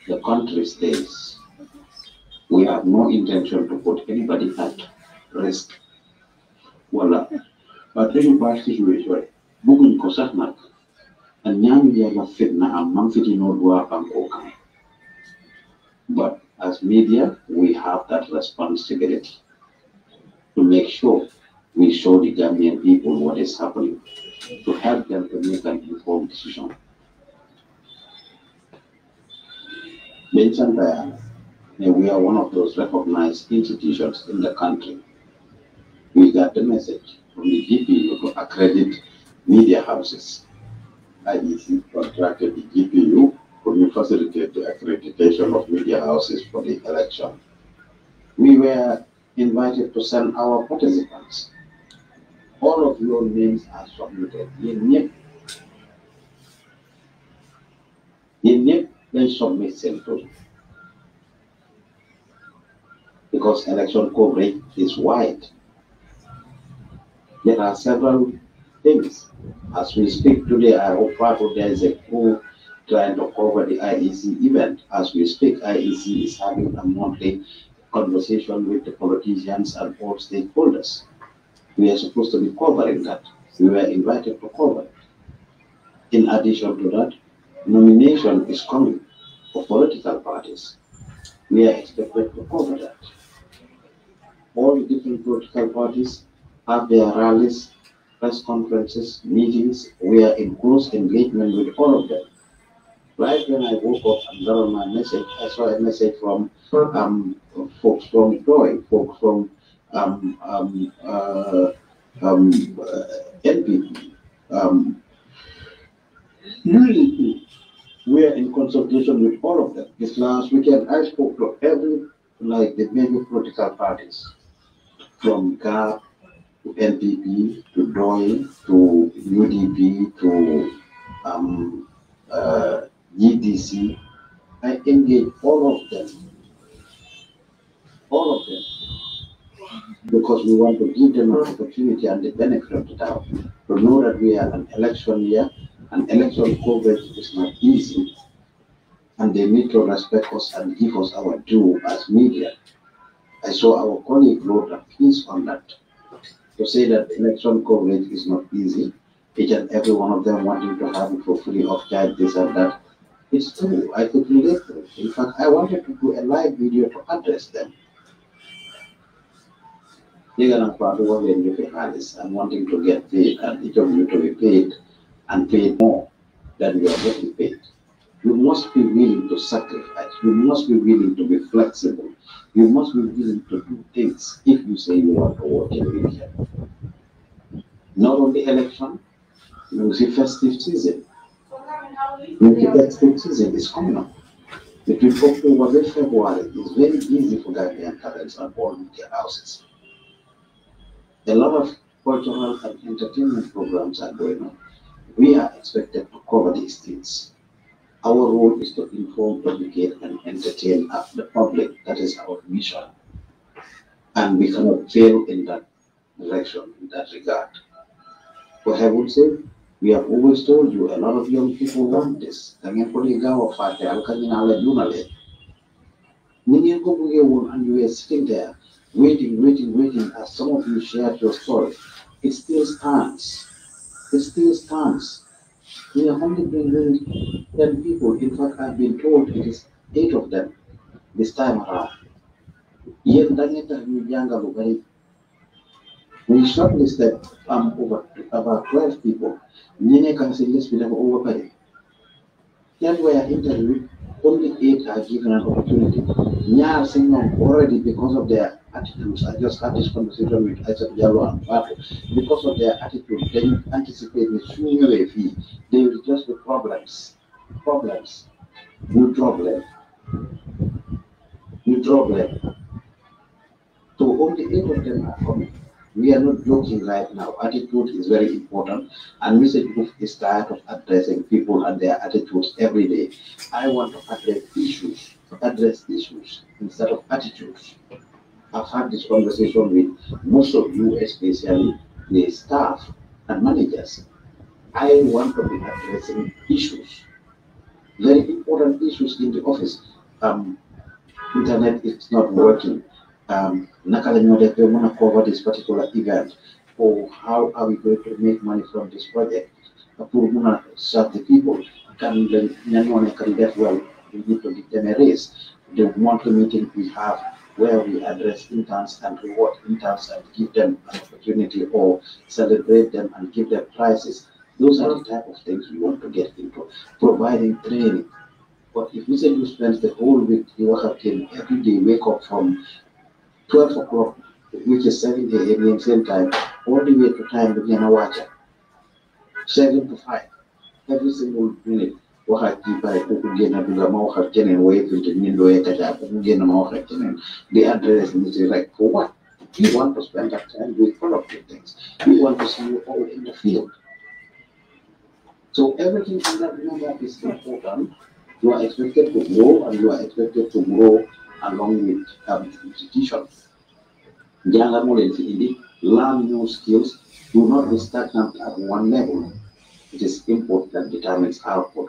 the country stays. We have no intention to put anybody at risk. Voila. But very bad situation. Bugun ko sax nak. And nyang ya la fitna am man fiti no dua am ko But as media, we have that responsibility to make sure we show the Gambian people what is happening to help them to make an informed decision. Mentioned there, we are one of those recognized institutions in the country. We got the message from the GPU to accredit media houses. IEC contracted the GPU to facilitate the accreditation of media houses for the election. We were invited to send our participants all of your names are submitted. in yenip, then submit century. Because election coverage is wide. There are several things. As we speak today, I hope of there is a coup trying to cover the IEC event. As we speak, IEC is having a monthly conversation with the politicians and all stakeholders. We are supposed to be covering that. We were invited to cover it. In addition to that, nomination is coming for political parties. We are expected to cover that. All the different political parties have their rallies, press conferences, meetings. We are in close engagement with all of them. Right when I woke up and got on my message, I saw a message from um, folks from Joy, folks from um, um, uh, um, NPP. Uh, um, usually, we are in consultation with all of them. This last weekend, I spoke to every, like the major political parties, from GAP to NPP to DOI to UDP to um, uh, EDC. I engage all of them, all of them, because we want to give them an opportunity and the benefit of the doubt to know that we are an election year and election coverage is not easy and they need to respect us and give us our due as media. I saw our colleague wrote a piece on that to say that election coverage is not easy. Each and every one of them wanting to have it for free of charge, this and that. It's true. I could relate to it. In fact, I wanted to do a live video to address them Legal and of the Yuki Alice and wanting to get paid and each of you to be paid and paid more than you are getting paid. You must be willing to sacrifice. You must be willing to be flexible. You must be willing to do things if you say you want to work in weekend. Not only election, you see festive season. You see festive season is coming up. Between October and February, it's very easy for Gambian parents and born their houses a lot of cultural and entertainment programs are going on. We are expected to cover these things. Our role is to inform, educate, and entertain the public. That is our mission. And we cannot fail in that direction, in that regard. For heaven's sake, we have always told you a lot of young people want this. Dangeen ko dee gaaw a fàtte alkalinaa la juunale. Ni ngeen ko and you are sitting there waiting, waiting, waiting, as some of you shared your story, it still stands. It still stands. We have only been really 10 people. In fact, I've been told it is 8 of them this time around. we shortlisted um, over about 12 people. Nene can say yes, we never overpaid. we were interviewed, only eight are given an opportunity. Nyar already because of their attitudes. I just had this conversation with Isaac Jaro and Patrick. Because of their attitude, they anticipate the sooner they They will just the problems. Problems. No problem, them. problem. drop So all the eight of them are coming. We are not joking right now. Attitude is very important, and Mr. should is tired of addressing people and their attitudes every day. I want to address issues, address issues instead of attitudes. I've had this conversation with most of you, especially the staff and managers. I want to be addressing issues, very important issues in the office. Um, internet is not working. Um, they want to cover this particular event, or oh, how are we going to make money from this project? Purumuna serve the people. Can anyone can get well? We need to give them a raise. They want the meeting we have where we address interns and reward interns and give them an opportunity or celebrate them and give them prizes. Those are the type of things you want to get into, providing training. But if you say you spend the whole week, you work till every day, wake up from 12 o'clock, which is 7 a.m. same time, all the way to time begin watch it. 7 to 5, every single minute waxaat ji bàyyi ku ko génn bi nga ma wax ak keneen way finte ñun looyee kacaar ku ko génn ma wax ak keneen di adresse nit yi rek like what you want to spend that time with productive things you want to see you all in the field so everything in that room that is important you are expected to grow and you are expected to grow along with um, institution jàngal moo leen si indi learn new skills do not be stagnant at one level it is input that determines output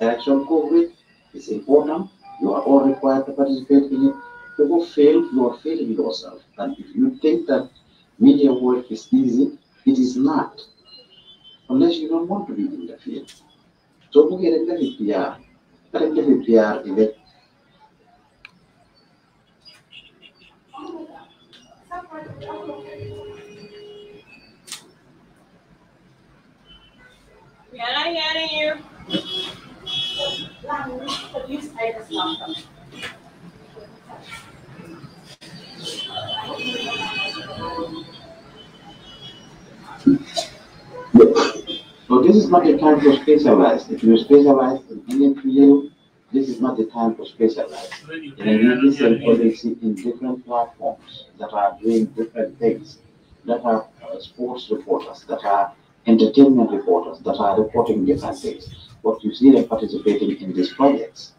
actual COVID is important. You are all required to participate in it. If you fail, you are failing yourself. And if you think that media work is easy, it is not. Unless you don't want to be in the field. So we get a PR. Get a PR in it. yeah, I you? So this is not the time for specialise. If you specialise in any field, this is not the time for specialise. awareness. There are policy in different platforms that are doing different things, that are uh, sports reporters, that are entertainment reporters, that are reporting different things but you see them participating in these projects.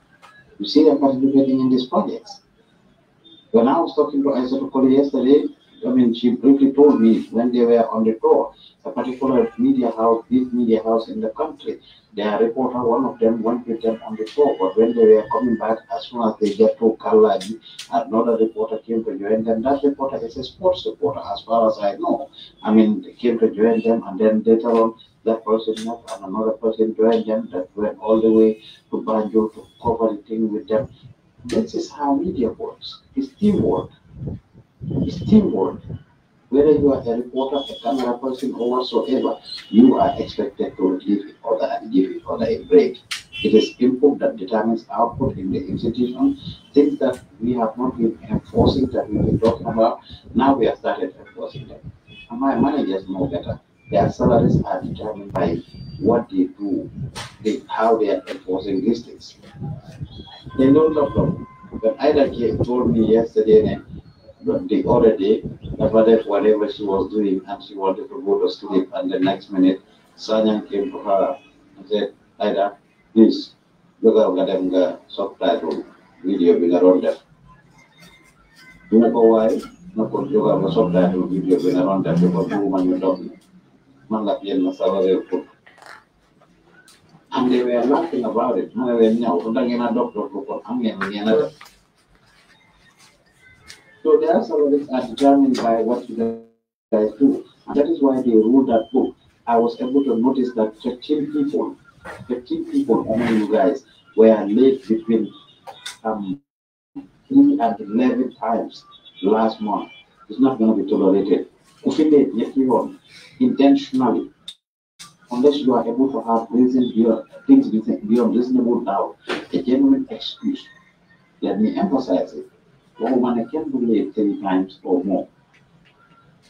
You see them participating in these projects. When I was talking to Isaac Koli yesterday, I mean, she briefly told me when they were on the tour, a particular media house, big media house in the country, their reporter, one of them, went with them on the tour. But when they were coming back, as soon as they get to Kaladi, another reporter came to join them. That reporter is a sports reporter, as far as I know. I mean, they came to join them, and then later on, that person neck and another person joined them that went all the way to Banjo to cover the thing with them. This is how media works. It's teamwork. It's teamwork. Whether you are a reporter, a camera person, or whatsoever, you are expected to give it other and give it other a break. It is input that determines output in the institution. Things that we have not been enforcing that we've been talking about, now we have started enforcing them. And my managers know better. Their salaries are determined by what they do, they, how they are enforcing these things. They know the problem. But Ida told me yesterday that the other day about that whatever she was doing and she wanted to go to sleep and the next minute Sanyan came to her and said, Ida, please look at Gadamga uh, subtitle video Bilarondef. You know why? No, because you have a subtitle video Bilarondef because the woman you're talking when la pierna sabe And they were laughing about it. Mana they now undangin a doctor for another. So are determined by what you guys do. And that is why they wrote that book. Oh, I was able to notice that 13 people, 13 people among you guys were late between um, 3 and 11 times last month. It's not going to be tolerated fulfilling a figure intentionally, unless you are able to have reason beyond things beyond reasonable doubt, a genuine excuse. Let me emphasize it. A woman can be late three times or more.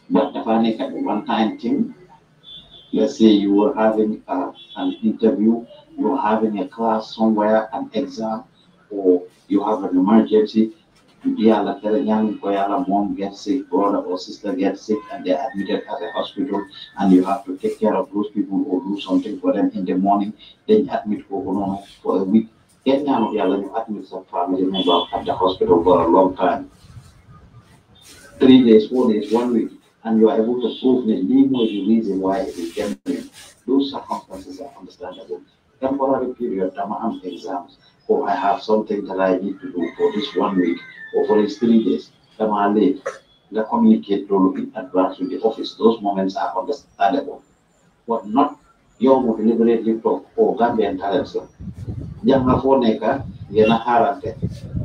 But if I make a one-time thing, let's say you were having a, an interview, you're having a class somewhere, an exam, or you have an emergency, dear like a young boy, a mom gets sick, brother or sister gets sick, and they're admitted at the hospital, and you have to take care of those people or do something for them in the morning, then admit overnight for a week. Then now they are like admit some family member at the hospital for a long time. Three days, four days, one week, and you are able to prove the legal reason why it is genuine. Those circumstances are understandable. Temporary period, exams, or oh, I have something that I need to do for this one week or for these three days. Am I late? They communicate through in advance with the office. Those moments are understandable. But not yow mo deliberately toog o Gambian Talents la jàng nga foo nekk yéen a xaarante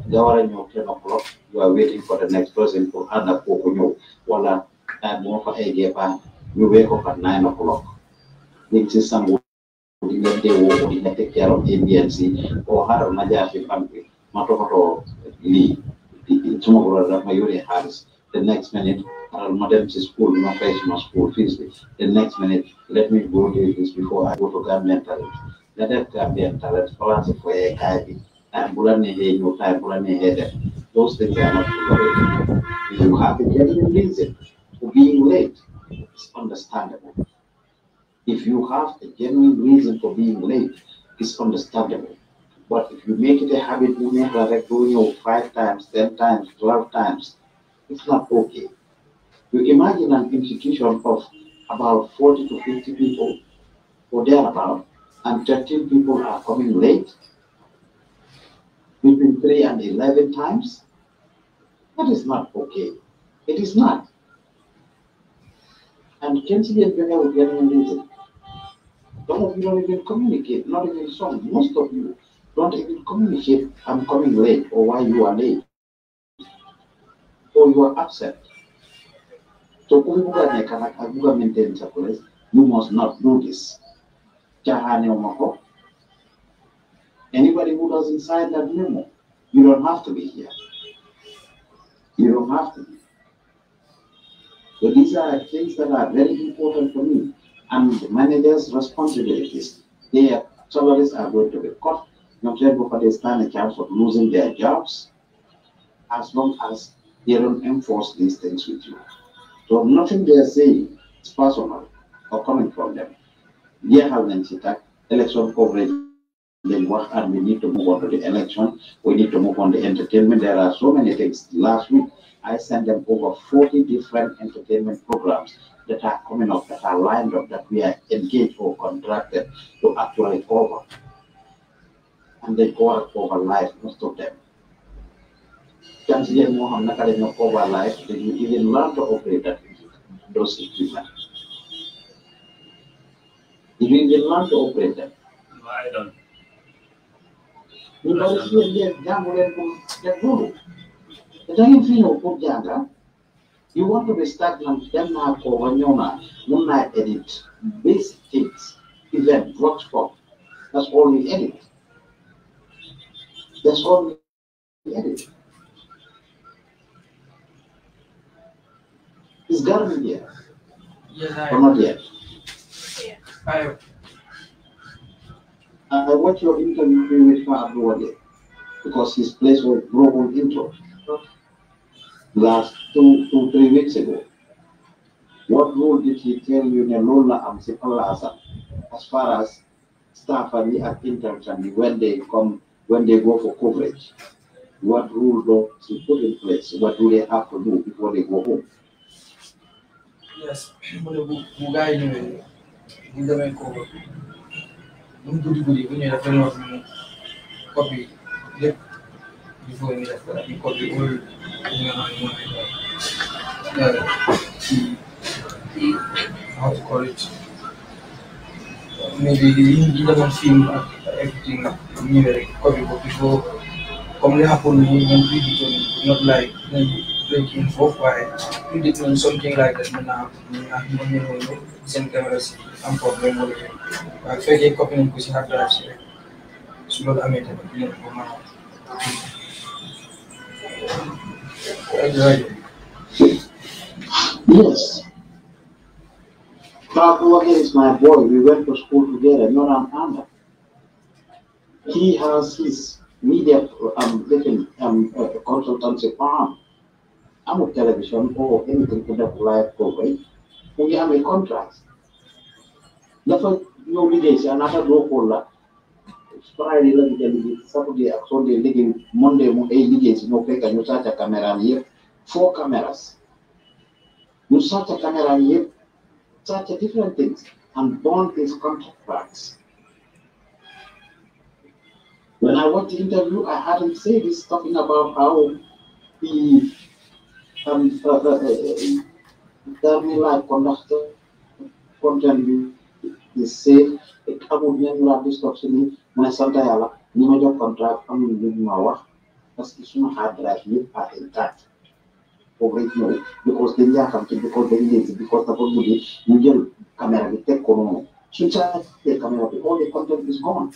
nga war ten o'clock you are waiting for the next person to ànd for you. ñëw wala time moo fa eggee baax ñu wake up at nine o'clock léegi si uligande wo uligande care of ABNC or haro najafi banki matokoto li tumo brother mayuri has the next minute I'll madam to school my face my school fees the next minute let me go do this before I go to government talent let that government talent balance for a kabi and bulani he no kai bulani he that those things are not tolerated you have a genuine reason for being late it's understandable if you have a genuine reason for being late, it's understandable. But if you make it a habit, you may have like going over five times, ten times, twelve times. It's not okay. You imagine an institution of about 40 to 50 people or thereabout, and 13 people are coming late between 3 and 11 times. That is not okay. It is not. And canceling Kenya with genuine reason. Some of you don't even communicate, not even some. Most of you don't even communicate, I'm coming late, or why you are late, or you are absent. So, you must not do this. Anybody who doesn't sign that memo, you don't have to be here. You don't have to be. So these are things that are very important for me and the manager's responsibilities. Their salaries are going to be cut. Nigerian nobody stand a chance of losing their jobs as long as they don't enforce these things with you. So nothing they are saying is personal or coming from them. They have an election coverage. Then what and we need to move on to the election. We need to move on to entertainment. There are so many things. Last week, I send them over 40 different entertainment programs that are coming up, that are lined up, that we are engaged or contracted to actually cover. And they cover over life, most of them. Chances you know how much they cover live, they even learn to operate that, those equipment. Did you even learn to operate them? No, I don't. You know, here, here, Gamble, and Gamble mfino okujjanga you want to be stagnant ennaku oba nyuma muna edit these things is a drop that's all we edit that's all we edit it's got to be there yes, I or not yet yeah. I, I your interview with Fabio because his place was global intro last two, two, three weeks ago. What rule did he tell you? I'm Amsipalasa as far as staff and the interns and when they come, when they go for coverage? What rule does he put in place? What do they have to do before they go home? Yes, visually that's because the old you know, uh, the, the, how to call it maybe he doesn't seem like everything new like copy but before commonly happen he can read it not like maybe breaking forth by read it on something like that when I don't know same cameras and problem with it. I feel like copying because you have that so not a matter of being a woman. Yes. Clark Walker is my boy. We went to school together, not an under. He has his media um, little, um, uh, consultancy firm. I'm a television or anything kind of live program. We have a contract. That's why you know, Another are not a Friday la ñu jël ji Saturday ak Sunday liggéey Monday mu ay eh, liggéey si ñoo fekka ñu sàcca caméra yi four cameras ñu sàcca caméra yi yëpp sàcca different things and burn his contract bags. When I watched the interview, I heard him say this, talking about how the um, uh, uh, uh, uh life conductor content the, safe, it would never disruption mu ne sant yàlla ñi ma jox contrat amuñ lu ñu ma wax parce que suñu hard drive yëpp à intact foofu rek ñëw because dañ yaakaar te because dañ dégg because dafa guddi ñu jël caméra bi teg ko noonu suñ saatee caméra bi all the content is gone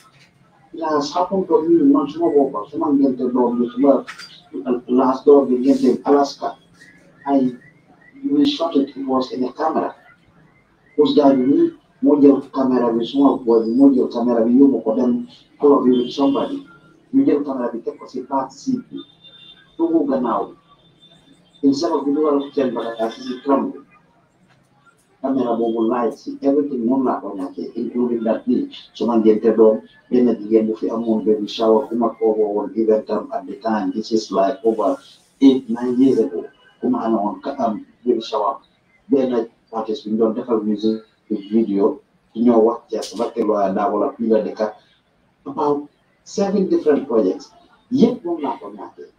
laas xappon doom yi man suma boppa suma ngente doom yi suma laas doom bi ngente Alaska I we shot it was in a camera because daal moja kamera biswankwa moja kamera biyumo kodan kola biyu somebody moja kamera biteko sifat sipi tugu ganau insama bidual kian pada kasih Trump kamera bobo lights everything non la konya ke including that beach cuman dia terdom dia nanti dia movie among baby shower kuma over one event time at the time this is like over eight nine years ago kuma ana on um, baby shower then like artist been done different music video ci ñoo what ci Sabatel now daa wala plus de quatre about seven different projects yet moom laa ko ñaatee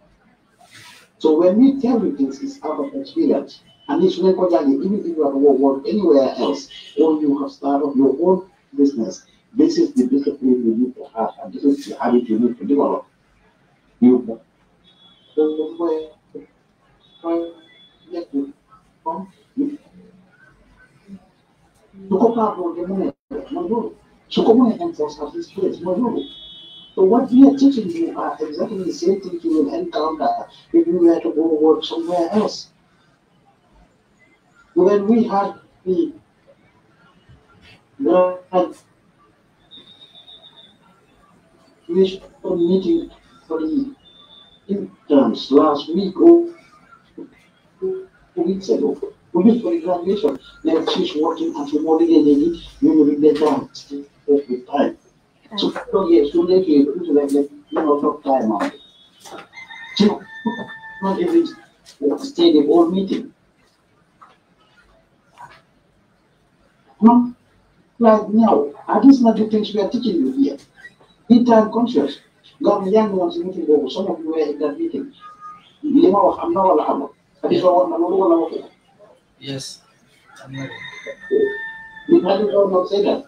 so when we tell you things it's out of experience and it's not going even if you are work anywhere else or you have started your own business this is the discipline you need to have and this is the habit you need to develop you you come the money, rule. this place, rule. So what we are teaching you are exactly the same thing you will encounter if you were to go work somewhere else. When we had the graduation meeting for the interns last week or two weeks ago, we meet for examination. Let's finish working and tomorrow they need you will be better with time. So, so yes, so like you like you know talk time out. Not even stay the whole meeting. No? Like now, are these not the things we are teaching you here? Be time conscious. God young ones meeting there, some of you were in that meeting. You know, I'm not allowed. I just want to know what I'm Yes. You probably don't not say that.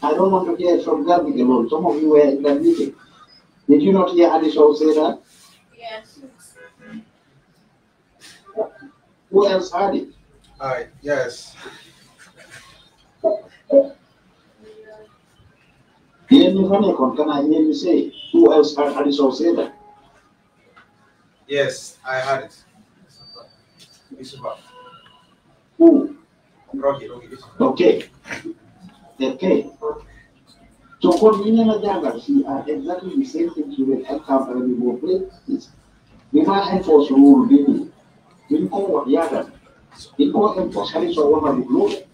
I don't want to hear from them alone. Some of you were in that meeting. Did you not hear Adisha say that? Yes. Who else heard it? I, yes. Hear me from your can I hear you say? Who else heard Adisha say that? Yes, I heard it. It's about. Who? Okay. Okay. So convening and geography are exactly the same thing you will encounter in both places. We must enforce rule really. We call what the We call enforce Haniso one of the glory.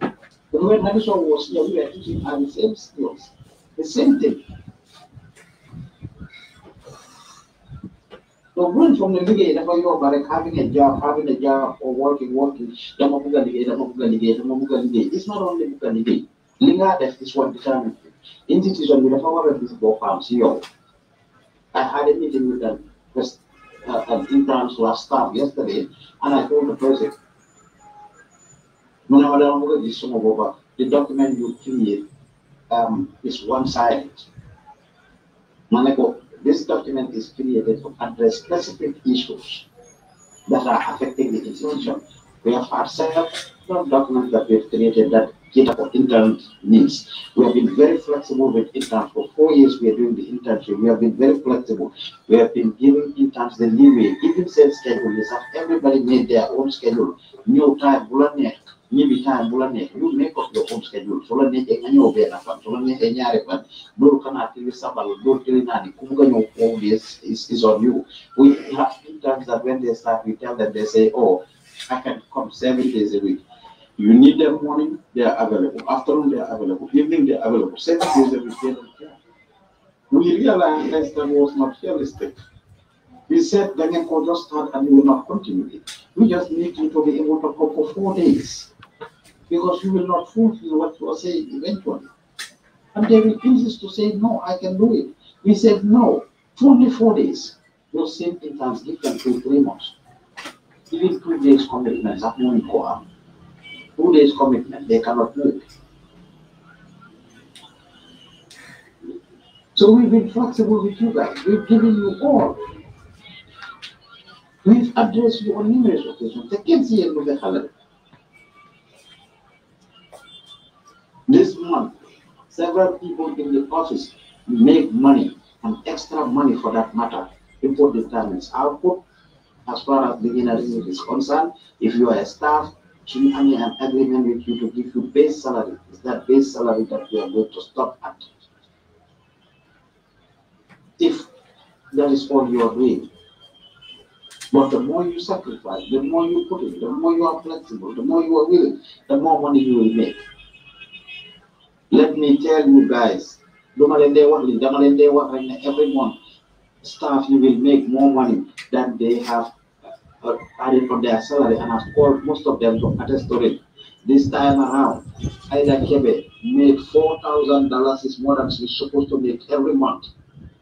But when Haniso was here, we are teaching her the same skills, the same thing. So from the mwanzo you inapoiwa bare having a job, having a job or working, working. Dama buga lige, dama buga lige, dama buga lige. It's not only buga lige. Linga that is what determines it. Institution with a power of this go farm CEO. I had a meeting with them just uh, at uh, interns last staff yesterday, and I told the president, no, no, this some over. The document you create um, is one-sided. Maneko, this document is created to address specific issues that are affecting the institution. We have ourselves some documents that we've created that cater for intern needs. We have been very flexible with interns. For four years, we are doing the internship. We have been very flexible. We have been giving interns the leeway, even set schedule. have everybody made their own schedule. New time, Bulanek, ñi bi time bu you make up your own schedule So let me nga ñëw benn fan su la nekkee ñaari fan loolu xanaa tili sabal loolu tili naa ni kum nga ñëw is is on you we have times that when they start we tell them they say oh I can come seven days a week you need them morning they are available afternoon they are available evening they are available seven days a week they don't care we realized that was not realistic we said then you could just start and you will not continue it. We just need you to be able to go for four days because you will not fulfill what you are saying eventually. And David insist to say, no, I can do it. We said, no, twenty-four days. Your sin in transgression to three months. Even two days commitment, that morning koa. Two days commitment, they cannot do it. So we've been flexible with you guys. We've given you all. We've addressed you on numerous occasions. They can see with the halal. month, several people in the office make money and extra money for that matter before determines output. As far as beginners is concerned, if you are a staff, she made an agreement with you to give you base salary. It's that base salary that we are going to stop at. If that is all you are doing. But the more you sacrifice, the more you put in, the more you are flexible, the more you are willing, the more money you will make let me tell you guys duma leen what, wax li dama leen every month staff you will make more money than they have uh, added on their salary and I've called most of them to attest to it. This time around, Ida Kebe made $4,000 is more than she's supposed to make every month.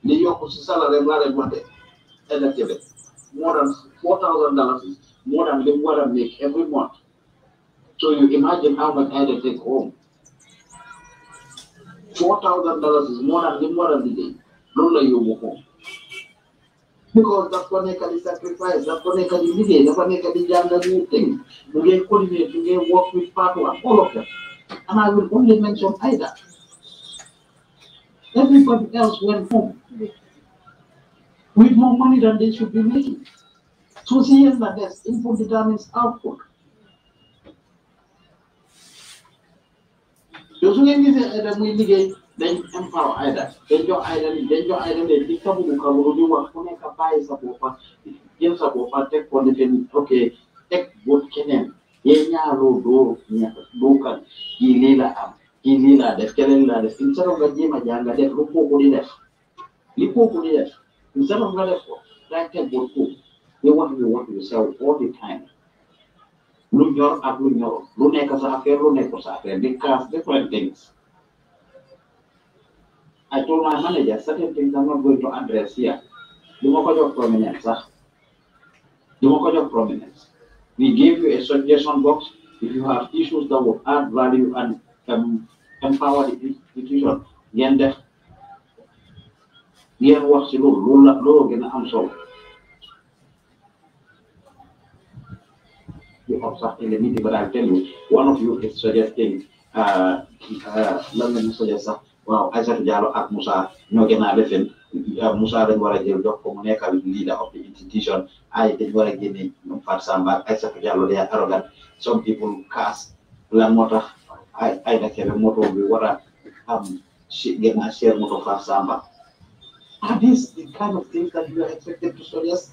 New York salary Ida Kebe, more than $4,000 is more than they want to make every month. So you imagine how much Ida take home four thousand dollars more than the more than the day. do you move Because that's what make the sacrifice, that's what make the delay, that's what make the jam thing. You get coordinate, you get work with partner, all of them. And I will only mention either. Everybody else went home with more money than they should be making. So see, yes, that input determines output. yow su ngeen gisee Aida muy liggéey dañ empower Aida dañ jox Aida ni dañ jox Aida ne di kabu ka loolu di wax ku nekk bàyyi sa boppa jël sa boppa teg ko defee ni ok teg boot keneen yéen ñaaroo doo duukal kii lii la am kii lii laa def keneen laa def in saraf nga jéem a jàng def lu kooku di def li kooku di def in saraf nga def ko daa teg boot kooku ñu wax ñu wax ñu sew all the time lu ñor ak lu ñor lu nekk sa affaire lu nekk sa affaire different things I told my manager certain things I'm not going to address here du ko jox prominence sax ah? du ko jox prominence we give you a suggestion box if you have issues that will add value and um, empower the institution ngeen def ngeen wax ci loolu loolu la loolu am solo you observed in the meeting, but I'll tell you, one of you is suggesting, uh, uh, lan lañu suggest sax waaw Aïssatou Diallo ak Moussa ñoo gën a defin euh, Moussa dañ war a I did, ko mu nekkal leader of the institution ay dañ war a génne ñoom Fatou Samba ak Aïssatou Diallo they are arrogant some people caas lan moo tax ay ay na kebe moto bi war a am gën a cher moto Fatou Samba are these the kind of things that you are expected to suggest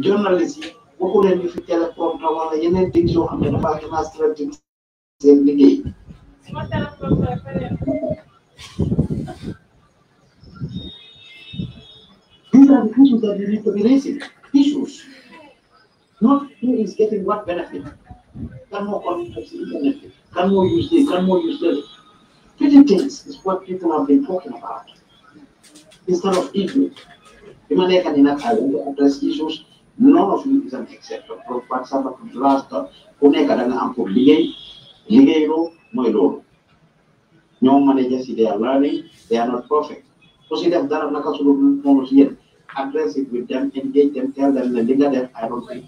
journaliste yi waxu leen ñu fi téléprompteur wala yeneen dégg yoo xam ne dafa démonstré seen liggéey These are the issues that we need Not who is getting what benefit. Can more benefit? use this? Can more use that? Pretty things is what people have been talking about. Instead of issues. The money can address issues none of you is an exception par sama classe ku nekk da nga am pour liggéey liggéeyloo mooy loolu ñoom managers yi they are learning they are not perfect ku si def dara naka su dul noonu si yéen with them engage them tell them ne li nga I don't think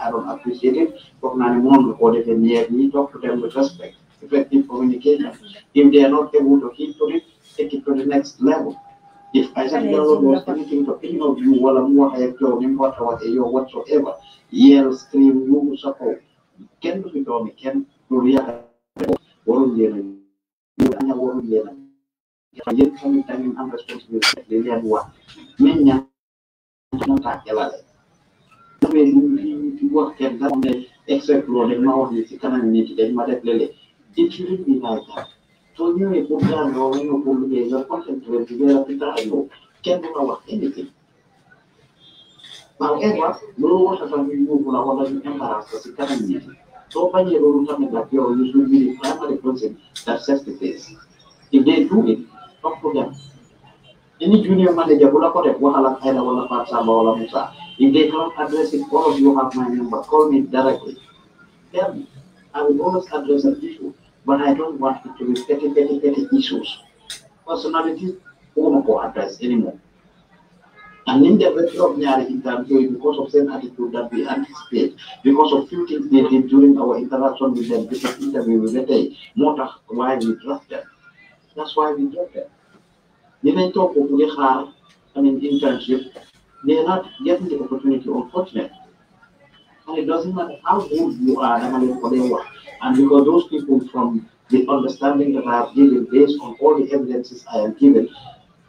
I don't appreciate it foog naa ne mënoon nga koo defee nii to them with respect effective communication if they are not able it to the ¿eh? next level If Isaac Gallo does anything to any of you while I'm have done, importer whatsoever, yell, scream, you support. Can we go? Can we react? What is kufanya wao jela yeye kama time and responsibility ile ndio menya tunataka we we work and that except lo de mawo ni sikana ni de madek lele it be like that Sonia är fortfarande avhängig på mig och koncentrerad till radio. Kan hon ha varit anything? Bang Edward meluas asal minggu melawan lagi embaras kesekian ini. Sopan yang berusaha kan mendaki orang Yusuf di primary concern that sets the pace. If they do it, no problem. Ini junior manager bola kode wahala kaila wala paksa wala musa. If they can't address it, all of you have my number. Call me directly. Tell me. I will always address an issue. but I don't want it to be petty, petty, petty issues. Personalities won't go address anymore. And in the vector of Nyari interview, because of same attitude that we anticipate, because of few things they did during our interaction with them, because interview with them, not why we dropped them. That's why we dropped them. Even the we have an internship, they're not getting the opportunity, unfortunately. And it doesn't matter how good you are And because those people from the understanding that I have given based on all the evidences I have given,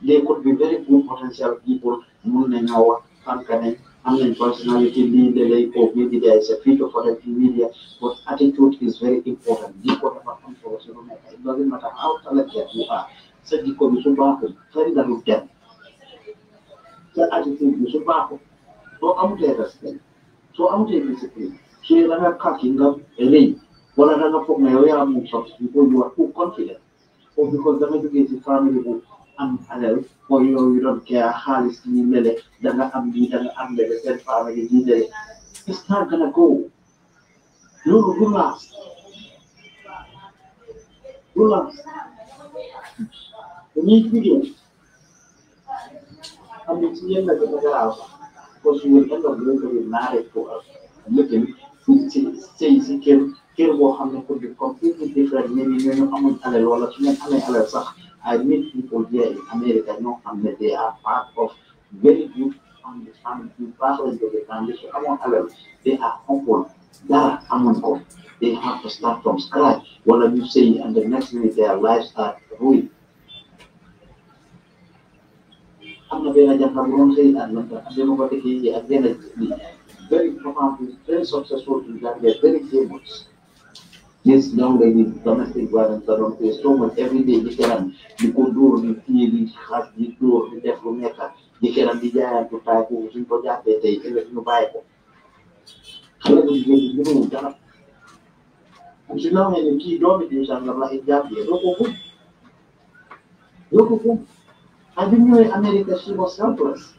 they could be very good potential people, Munengawa, Kankane, and then personality, Lele, or maybe there is a future for the in media, but attitude is very important. It doesn't matter how talented you are. So the commission to carry that with them. The attitude you should work. So I'm there respect. so amte jadi so ranga ka kinga elei wala ranga pok na yoya mu so people you are too confident or because the educated family itu am alel for you you don't care halis ni lele dengan am ni danga am lele said family ni lele it's not gonna go lu no last go last the next video I'm yang to end the suñu ëllëg dinañ ko ñuy naaree pour lëkkal kër kër boo xam ne ko di completely different nit ñi ñooñu amuñ alal wala su ngeen amee alal sax I meet people here in America ñoo xam they are part of very good family family su amoon alal they are humble dara amuñ ko they have to start from scratch wala ñu sëy and the next minute their lives are ruined am na benn jantam bu doon sëy ak jantam am na ko dëkkee ak benn nit very profound, very successful in Gambia, very famous. This young lady, domestic violence, I don't face so every day. You can you go do the theory, has the door, the death room, you can be there to type who is in for that day, you buy it. However, you can do that. And so now, when you key door, you can have a lot of job here. Look, look, look. Look, look. I didn't know in America she was helpless.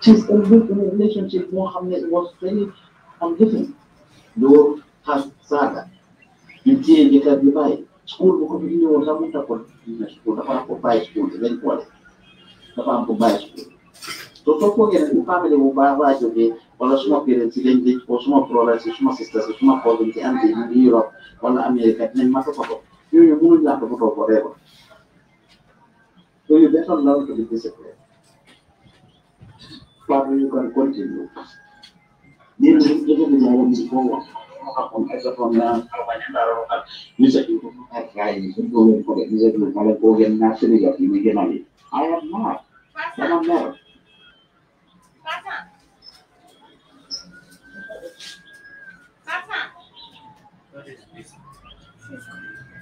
She's involved in a relationship Mohammed was very ungiven. Do has saga. You can't get a divide. School will continue on some other school, the farm for buy school, eventually. The farm for buy school. So, so for getting family will buy a large of it, or small parents, or small brothers, small sisters, small cousins, and in Europe, or America, and Macapo. You will not have to go forever. So you better learn to be disciplined. Probably you can continue. Meaning, even if you want to go from either from now, you said you don't have time, you go in for it, you said you want to go get naturally, you will get money. I am not. I am not.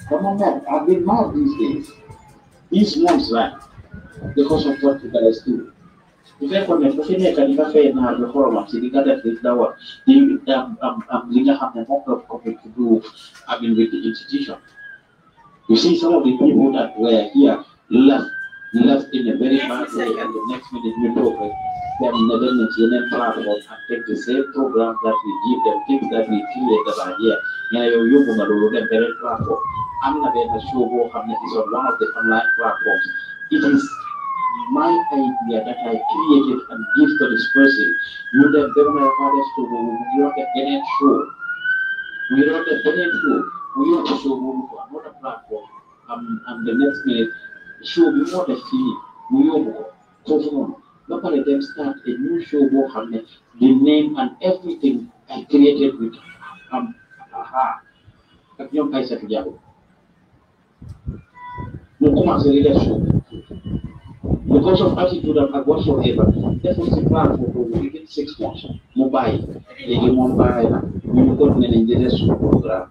Come on, man. I've been mad these days these months that because of what you guys do. Therefore, nimefanya kanisa fe na before wa sirika that is dawa. Ni um um um linga have the hope of coming to do I with the institution. You see some of the people that were here left left in a very bad way and the next minute we progress, then in the Netherlands, Union Travelers and take the same program that we give them, things that we create that are here. Ngayon, yung mga lulugan, parent platform. I'm not Ang nabenta show ko kami is on one of the online platforms. It is my idea that I created and give to this person. You then give my father's to you not a Bennett show. We not a Bennett show. We want to show you another platform. I'm I'm the next minute, show bi moo def fii mu yóbbu ko foofu noonu ba pare dem start a new show boo xam ne the name and everything I created with am aha ak ñoom ay setu jàpp mu commencé li def show because of attitude am ak whatsoever deful si plan foofu within six months mu bàyyi léegi moom bàyyi na ñu ñu continué nañ di def programme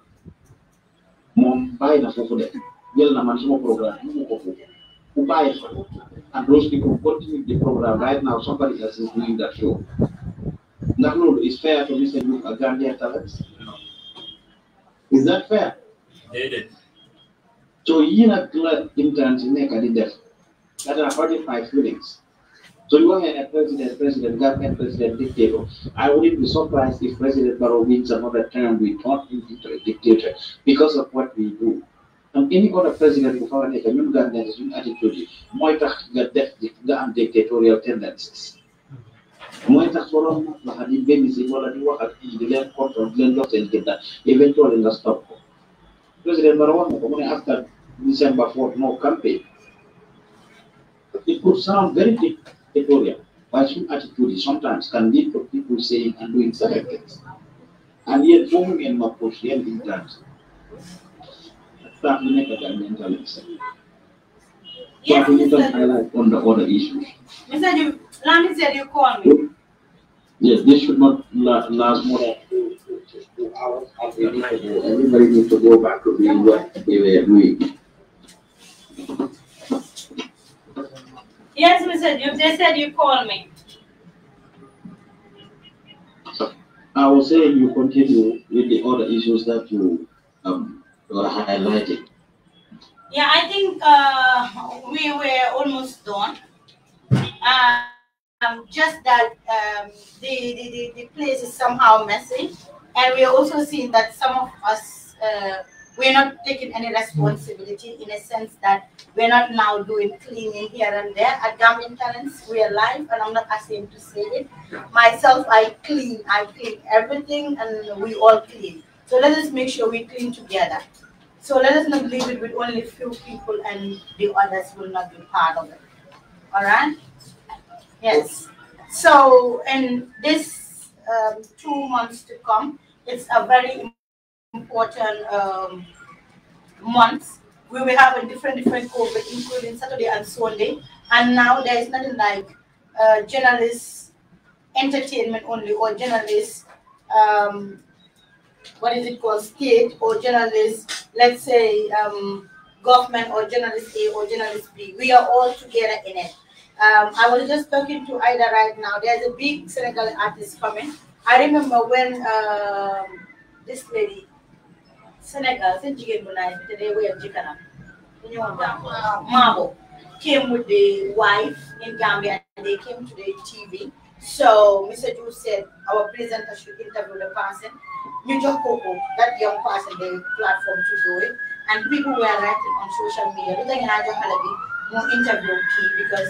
moom na foofu def jël na man suma programme who And those people continue the program. Right now, somebody else is doing that show. Naklul, is fair to Mr. Luke a Gambia talents? No. Is that fair? They So you not interns in Neka did that. That are forty-five feelings. So you have a president, president, government, president, dictator. I wouldn't be surprised if President Barrow wins another term without not into a dictator because of what we do donc any other president bu fa nekk ñun Gambians suñu attitude yi mooy tax nga def nga am dictatorial tendencies mooy tax borom maslaxa di bémisi wala di wax ak di leen control di leen jox seen gëdda eventually nga stop ko président Barrow wax na ko mu ne after December 4 no campaign it could sound very dictatorial waaye suñu attitude yi sometimes can lead to people saying and doing certain things and yet foofu ngeen ma push yéen interns Yes, so highlight on the other issues. Mr. You, me said you call me. Yes, this should not last more than two hours. Everybody needs to go back to being what they were doing. Yes, Mr. You, they said you call me. I will say you continue with the other issues that you um, you highlighting? Yeah, I think uh, we were almost done. Uh, um, just that um, the, the, the, place is somehow messy. And we are also seeing that some of us, uh, we're not taking any responsibility in a sense that we're not now doing cleaning here and there. At Gambian Talents, we are live, and I'm not ashamed to say it. Myself, I clean. I clean everything, and we all clean. So let us make sure we clean together. So let us not leave it with only few people and the others will not be part of it. All right? Yes. So in this um, two months to come, it's a very important um, month. We will have a different different COVID, including Saturday and Sunday. And now there is nothing like uh, journalist entertainment only or journalist um, what is it called, state or journalist, let's say um, government or journalist A or journalist B. We are all together in it. Um, I was just talking to Ida right now. There's a big Senegal artist coming. I remember when um, this lady, Senegal, they were Jikana, Marble, came with the wife in Gambia and they came to the TV. So Mr. Drew said our presenter should interview the person you just go up That young person the platform to do it. And people were writing on social media. Lu tax naa jox xale interview kii because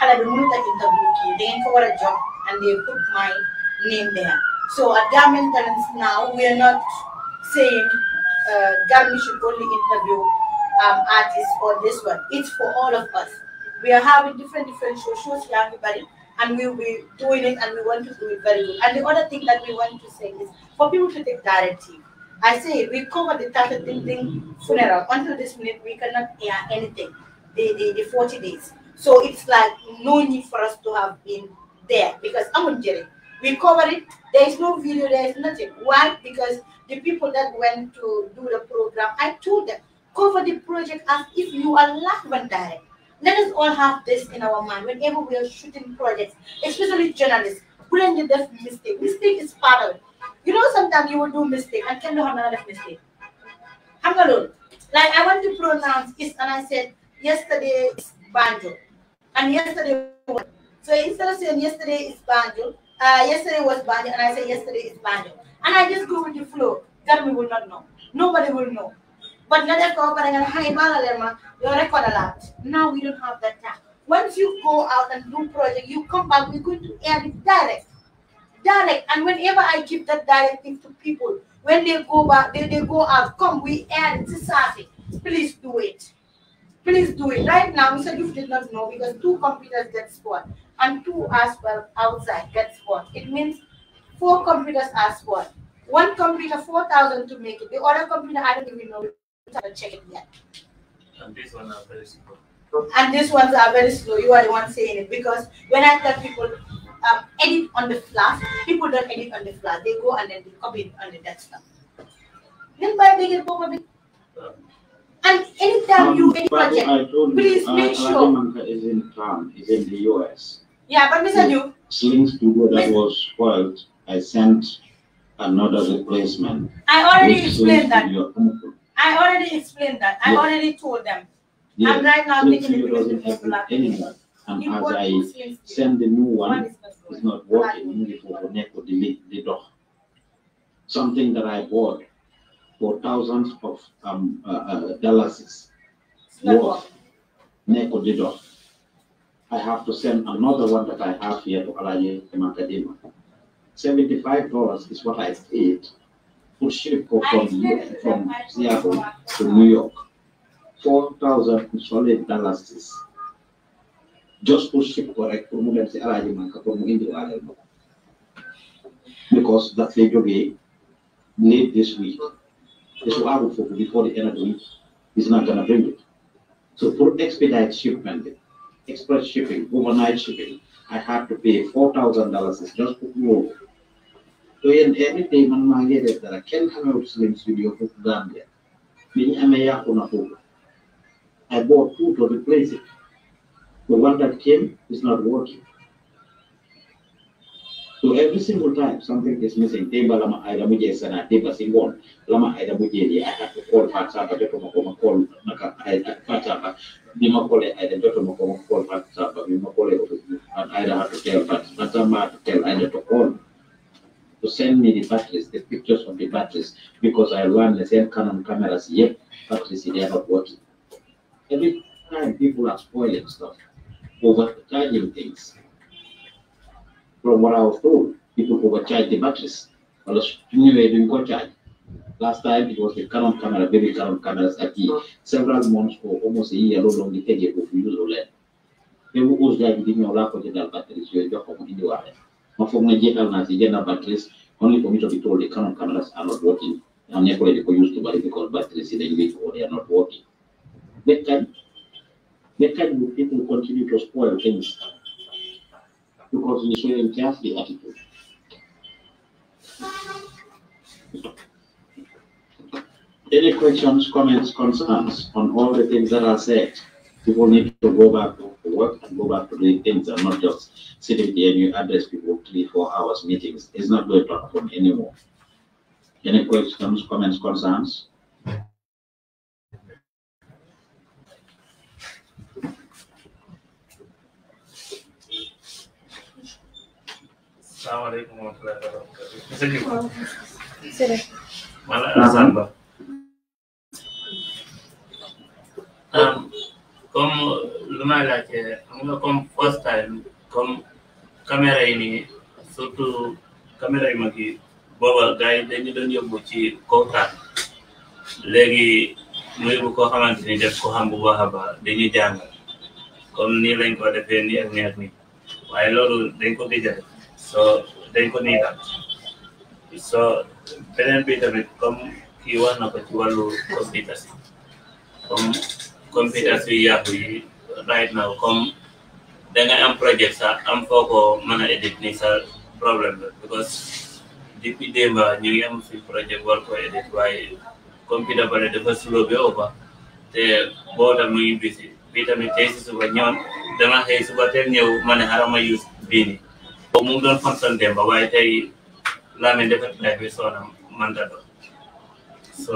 xale bi interview key. dangeen ko war a job and they put my name there. So at Gambian Talents now, we are not saying uh, should only interview um, artists for this one. It's for all of us. We are having different different shows, shows everybody, and we'll be doing it, and we want to do it very well. And the other thing that we want to say is for people to take directive. I say we cover the 30 building funeral. Until this minute, we cannot hear anything. The, the, the 40 days. So it's like no need for us to have been there because I'm on jury. We cover it. There is no video. There is nothing. Why? Because the people that went to do the program, I told them cover the project as if you are live and direct. Let us all have this in our mind whenever we are shooting projects, especially journalists. Wouldn't they mistake? Mistake is part of it. You know, sometimes you will do mistake. I can do another mistake. Hangalun. Like I want to pronounce is and I said yesterday is banjo. And yesterday So instead of saying yesterday is banjo, uh, yesterday was banjo, and I said yesterday is banjo. And I just go with the flow. That we will not know. Nobody will know. But let us go, but I'm gonna your record a lot. Now we don't have that time. Once you go out and do project, you come back, we're going to air it direct direct. And whenever I give that directive to people, when they go back, they, they go out, come, we end this assay. Please do it. Please do it. Right now, Mr. you did not know because two computers get spoiled and two as well outside get spoiled. It means four computers are spoiled. One computer, 4,000 to make it. The other computer, I don't even know. We haven't checked it yet. And this one are very slow. And these ones are very slow. You are the one saying it because when I tell people um, edit on the flash. People don't edit on the flash. They go and then they copy it on the desktop. Then buy bigger probably. And anytime um, you you any project, please you, make sure. Salamanca is in Trump, is in the US. Yeah, but Mr. Liu. Sling Studio that was spoiled, I sent another replacement. I already explained that. I already explained that. I yes. already told them. Yes. I'm right now Sling taking the replacement. And as I send the new one, one is not working something that I bought for thousands of um, uh, uh, dollars worth nekkul di I have to send another one that I have here to Alaye Makadima. $75 is what I paid for ship from, from Seattle to New York. 4,000 solid dollars just pour ship ko rek pour mu dem si alaaji Manka pour mu indiwaaleel ma because daf lay jógee need this week te su aarul before the end of the week is not gonna bring it so for expedite shipment express shipping overnight shipping I have to pay four thousand dollars It's just pour mu woo so yéen every day man maa ngi def dara kenn xamewut slim studio foofu Gambia li ñu amee yàqu na foofu I bought two to replace it the one that came is not working. So every single time something is missing, table lama aida muje sana, table singon, lama aida muje di aida call fact saba joto makoma call naka aida fact saba, call makole aida joto makoma call fact saba, di makole aida had to tell fact, fact saba had to tell aida to call. To send me the batteries, the pictures of the batteries, because I run the same Canon cameras, yet batteries they are not working. Every time people are spoiling stuff overcharging things. From what I was told, people overcharge the batteries. I was do go charge. Last time it was the Canon camera, very Canon cameras at the several months or almost a year long it take to use OLED. They will use that within your lack of general batteries, your job from in the water. Not from the general as general batteries, only for me to be told the Canon cameras are not working. I'm not going to use the battery because batteries in the week or they are not working. That time Naked will people continue to spoil things because we show them carefully attitude. Any questions, comments, concerns on all the things that are said? People need to go back to work and go back to doing things and not just sitting there and you address people three, four hours meetings. It's not going to happen anymore. Any questions, comments, concerns? salaamaaleykum wa rahmatulah wa barakatu. comme lu may laajte xam nga first time comme caméra yi surtout caméra yi booba gars yi dañu doon yóbbu ci kawtaan léegi mu yóbbu koo xamante ni ko xam bu baax a baax dañuy jàngal comme nii lañ ko defee nii ak nii ak loolu dañ ko gëj so dañ ko nii daal so beneen bi tamit comme kii wax na ko ci wàllu computers yi comme yi right now comme danga am projet sax am foo ko mën a edit ni sa problème la because depuis démba ñu ngi am fi projet war ko edit waaye computer ba ne dafa slow ba ëppa te boo tam mu ngi bisi bi tamit tey si suba ñoon dama xëy suba teel ñëw ma ne use bii o mum doon fonton démb waaye tey Lamine defetlaay bi soona manta do so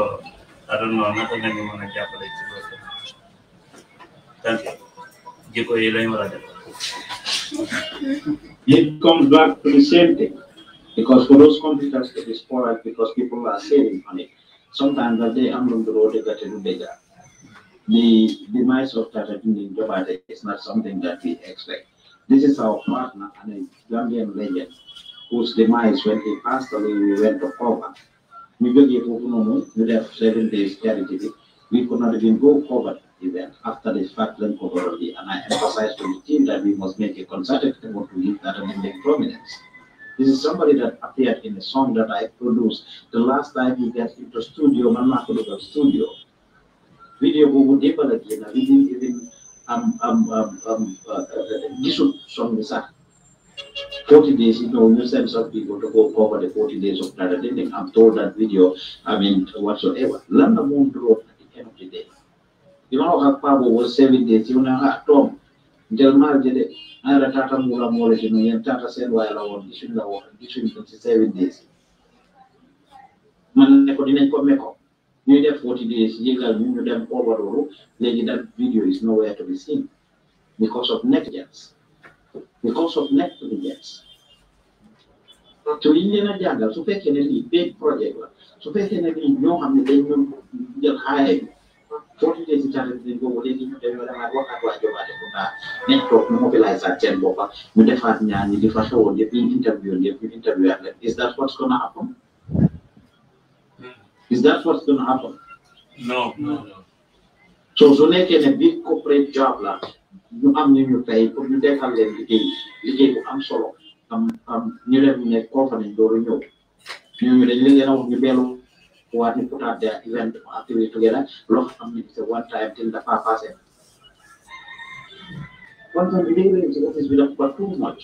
I don't know naka nga ñu mën a jàppale ci loolu tan jikko yi lañ war def it comes back to the same thing because for those computers it is spoiled because people are saving money sometimes that they am on the road they get a bigger the demise of Tata Tindin Jobate is not something that we expect this is our partner and a Gambian legend whose demise when he passed away, we went to cover. We believe would have seven days charity. We could not even go cover the event after this fact then already. and I emphasise to the team that we must make a concerted effort to give that an in prominence. This is somebody that appeared in a song that I produced the last time he got into studio, Manmakuduga studio. Video Gugu Dibalaki, and we didn't even am am am uh, gisul sax forty days, you know, nuisance of people to go cover the 40 days of paradigm. I'm told that video, I mean, whatsoever. London won't do at the end of the day. You know how Pablo was seven days, you know how ah, Tom, Delmar did it. I had a Tata Mula Mole, you know, and Tata said, while I was issuing the work, issuing 27 days. ñu def 40 days yëgal ñu ñu dem over loolu léegi that video is nowhere to be seen because of negligence because of negligence so yi leen a jàngal su fekkee ne lii paid su fekkee ne ñoo xam ne dañ ñoom jël xaare bi ñu dem demaat waxaat waa jobaate bu baax nañ toog ñu mobiliser boppa ñu defaat a ñi di fa xewoon yëpp ñu interview yëpp ñu interview ak is that what's gonna happen Is that what's going to happen? No, no, no. So su nekkee a big corporate job la ñu am ni ñu you take a little leen liggéey liggéey i am solo am am ñu leen ne conférence dooru ñëw you. dañ leen leen a wax ñu beelu waat you put out their event or activity together loo xam ne c'est one time till dafa passé one time bi day leen ci office bi daf ba too much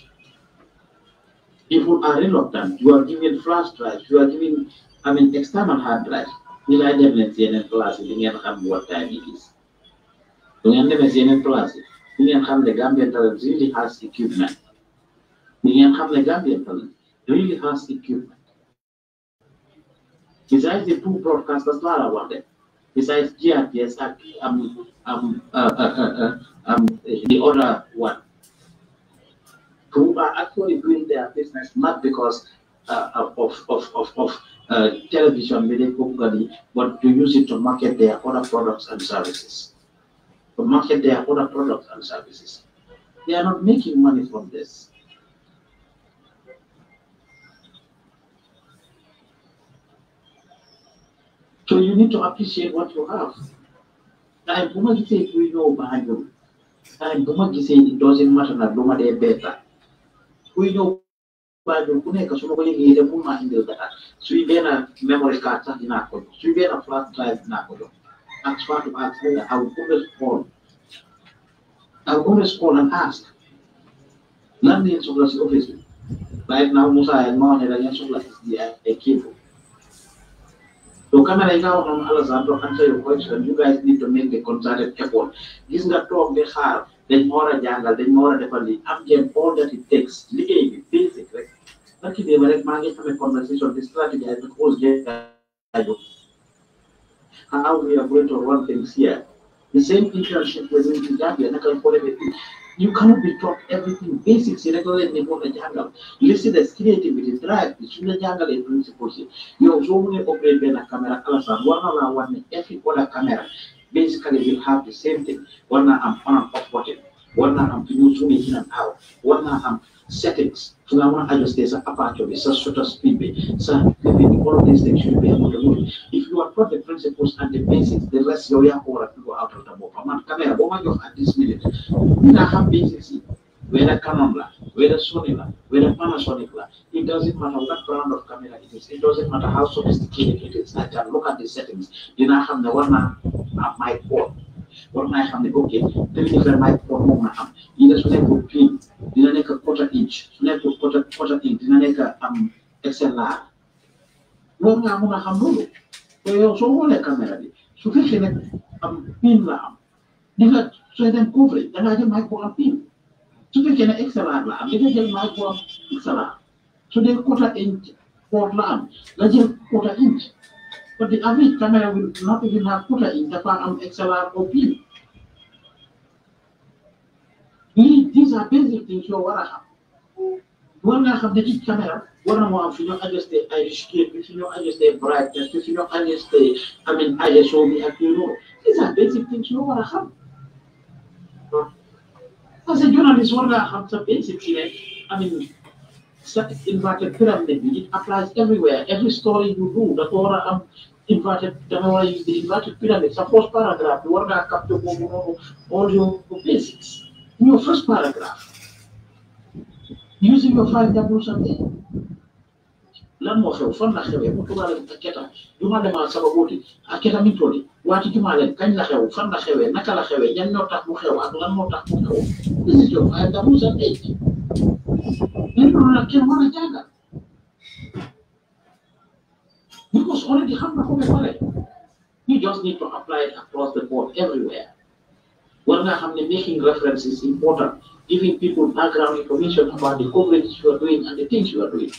people are reluctant you are giving flash drives you are giving I external hard drive ñu lay demee ci yeneen place yi di ngeen xam waxtaan yi gis bu ngeen demee ci yeneen place yi di ngeen xam ne Gambian Talents really has equipment di ngeen xam ne Gambian Talents really has equipment besides the two broadcasters laa la wax de besides GRTS ak am am am the other one who are actually doing their business not because of, of, of, of uh, television media company, but to use it to market their other products and services. To market their other products and services. They are not making money from this. So you need to appreciate what you have. And Buma say we know behind you. And Buma say it doesn't matter that Buma they better. We know waajur ku nekk su ma ko yëgee dem mun naa indil data suy benn memory card sax dinaa ko jox suy benn flash drive dinaa ko jox ak ak I will always call I will always call and ask lan ngeen soxla si office bi right now Musa yaa ma wax ne da ngeen soxla si ay cable So camera yi nga wax noonu Alessandro answer your question you guys need to make a concerted effort gis nga toog di xaar dañ ma war a jàngal dañ ma war a defal li am ngeen all that it takes liggéey bi Lucky they were like managed to have a conversation, this strategy How we are going to run things here. The same eh. internship we in Gambia, and I can everything. You cannot be taught everything basics in the jungle. Listen, there's creativity, drive, the jungle and principles. You also only operate by a camera, one or one, every other camera. Basically, you have the same thing. One and one of what it wannan amfani su ne hinan power wannan am settings tunawan adjust sa aperture sa shutter speed sa limit all of these things should be able to do if you are taught the principles and the basics the rest you are over to go out of the boat man camera woman you at this minute you know how basics whether Canon la, whether Sony la, whether Panasonic la, it doesn't matter what brand of camera it is, it doesn't matter how sophisticated it is. I can look at the settings. Then I have the one at my phone. war naa xam ne ok tel développement war moom na xam lii la su nekkul pin dina nekk quarter inch su nekkul quarter quarter inch dina nekk am XLR loolu ngaa mun a xam loolu te soo xoolee caméra bi su fekkee ne am la am di nga sooy dem couvrir da ngaa jël mic bu am su fekkee ne XLR la am di jël mic bu am XLR su dee quarter inch port la am nga jël quarter inch But the average camera will not even have quota in the Pan XLR or P. These are basic things you want to have. war naa have the ci caméra war na moo am fi ñoo adjusté ay scale bi I ñoo adjusté brightness I bi I mean, I just ISO bi ak yooyu noonu these are basic things yoo war a xam parce que journaliste war naa have sa basic yi I mean. such inverted pyramid. It applies everywhere. Every story you do, the Torah um, inverted, the Torah is inverted pyramid. The first paragraph, you want to capture all your basics. In your first paragraph, using your five tables a day. lan moo xew fan la xewee mu tugaa leen ak ketam jumaa demaa sababuuti ak ketam it tooli waati jumaa leen kañ la xew fan la xewee naka la tax mu xew ak lan moo tax mu xew this is your five tables a day Because already you just need to apply it across the board everywhere. When I'm making reference is important, giving people background information about the coverage you are doing and the things you are doing.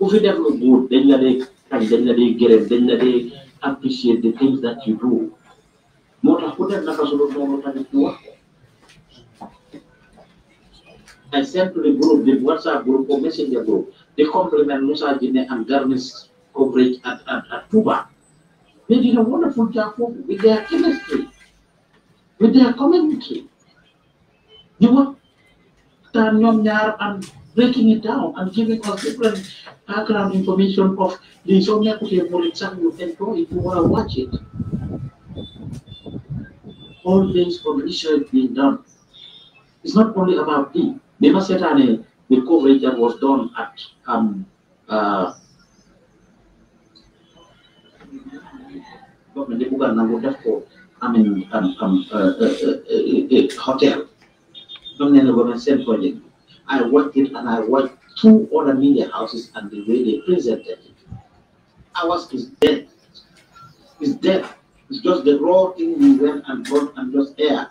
If you develop good, then can then they get it, then they appreciate the things that you do. I sent to the group, the WhatsApp group or Messenger group, the compliment Musa Jine and Garnis coverage at, at, at Tuba. They did a wonderful job with their chemistry, with their commentary. They were and um, breaking it down and giving us different background information of the Sonia Kutemoritzang you enjoy if you want to watch it. All things for research being done. It's not only about me. Nema Setane, the coverage that was done at um, uh, government I mean, um, um, uh, uh, uh, hotel, government I worked it and I worked two other media houses and the way they presented it. Ours is dead. It's dead. It's just the raw thing we went and brought and just air.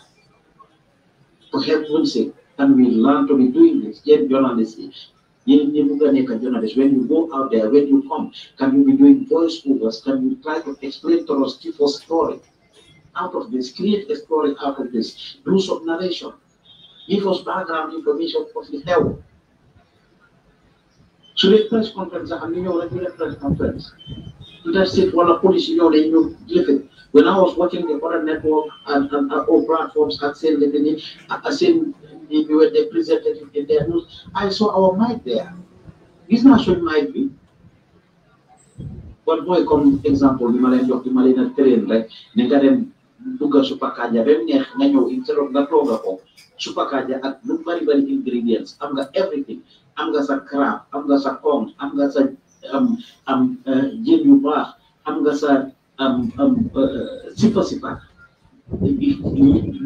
For heaven's sake, can we learn to be doing this? Yet journalism, journalist, when you go out there, when you come, can you be doing voiceovers? Can you try to explain to us, give us story out of this, create a story out of this, do some narration, give us background information for the health. su dee press conference sax xam ne ñëw press conference? You just conference interstate wala police ñëw dañ ñu jëfe when I was watching the other network and and or platforms ak seen leneen ak seen they, were they president in the news. I saw our mic there. This is suñ mic bi. Kon mooy comme example, bi ma leen jox bi ma train rek ne nga dem dugga supakanja ba instead of very ingredients am got everything am nga sa crab am nga sa kong am nga sa am am eh, jën yu baax am nga sa am am eh, sipa sipa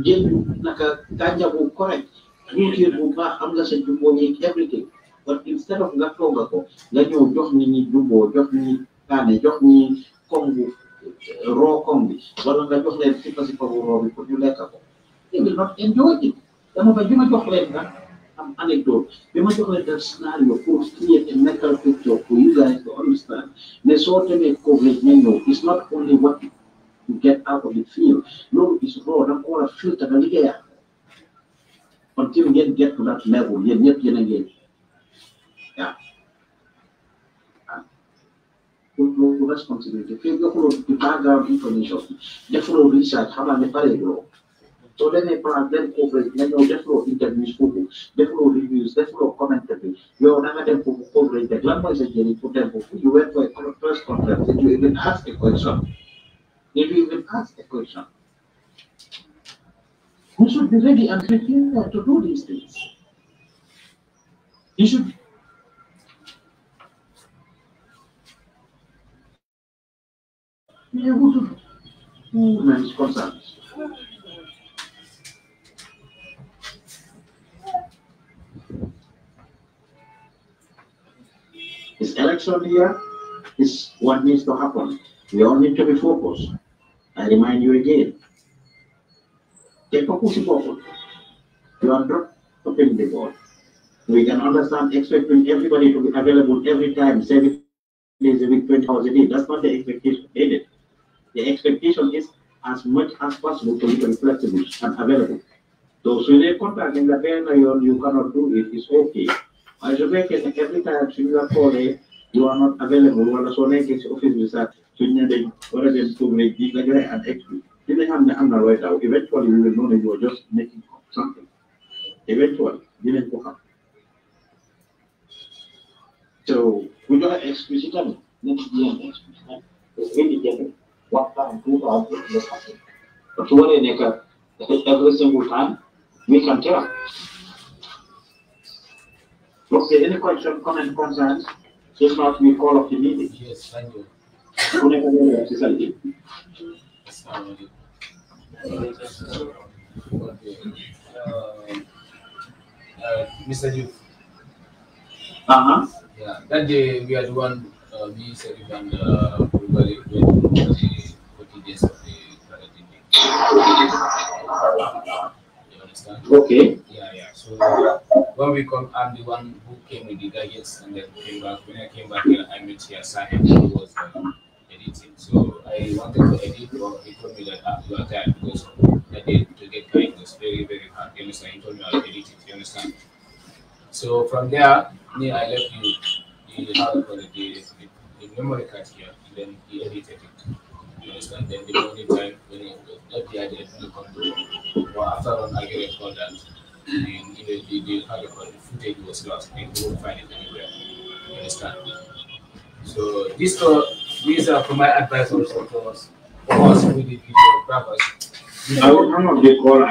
jël naka kanya bu correct YouTube Bumba Hamza said Jumbo needs everything. But instead of Gako Gako, then you just need Jumbo, just need Kane, just need Kongo, uh, raw Kongo. Wala nga jox leen si pasi fagu raw bi pour ñu lekk ko. They will not enjoy it. Dama ba bi ma jox leen nag am anecdote bi ma jox leen def scenario pour create a mental picture for you guys to understand. Mais soo demee coverage na ñëw it's not only what you get out of the field. Loolu is raw da nga ko war a filter nga liggéeyaat until ngeen get to that level yéen ñëpp yéen a ngeen waaw waaw loolu responsibility fii joxuloo di background information defuloo research xamal ne pareeguloo soo demee plan benn coverage you ñëw defuloo interviews foofu defuloo reviews defuloo commentaire bi yow da nga them. foofu coverage rek lan mooy sa njëriñ pour you went for a press conference did you even ask a question did you even ask a question we should be ready and prepared to do these things. You should be able to do men's concerns. It's election year. It's what needs to happen. We all need to be focused. I remind you again, they focus forward. You are not stopping the ball. We can understand expecting everybody to be available every time, seven days a week, 20 hours a day. That's not the expectation needed. The expectation is as much as possible to be flexible and available. So, so they contact in the pen, you, you cannot do it, it's okay. As you make it every time, so you are calling, you are not available. Well, so make it office with that. So you need to go to the and execute. If didn't have the Amna right now. Eventually, we will know that you were just making up something. Eventually, didn't go So, we got explicitly, not explicitly, it's really getting what time, who are the person. But what in every single time, we can tell. Okay, any question, comment, concerns? Just not, we call off the meeting. Yes, thank you. Mr. Youth. Uh huh. Yeah, that day we had one, uh, me, Serif, and uh, everybody went for the 40 days of the quarantine. You understand? Okay. Yeah, yeah. So when we come, I'm the one who came with the gadgets and then came back. When I came back here, I met here, Sahib, who was the editing. So I wanted to edit, but he told me that I got tired because that day to get time was very, very hard. You understand? He told me I'll edit it. You understand? So from there, me, I left you the how you call the, the, the memory card here, and then he edited it. You understand? Then the morning time, when I left the idea to come to well after on, I get a call that and the, the, the, the footage was lost. They will not find it anywhere. You understand? So this uh, these are for my advisors because us really grabbers. I will not be called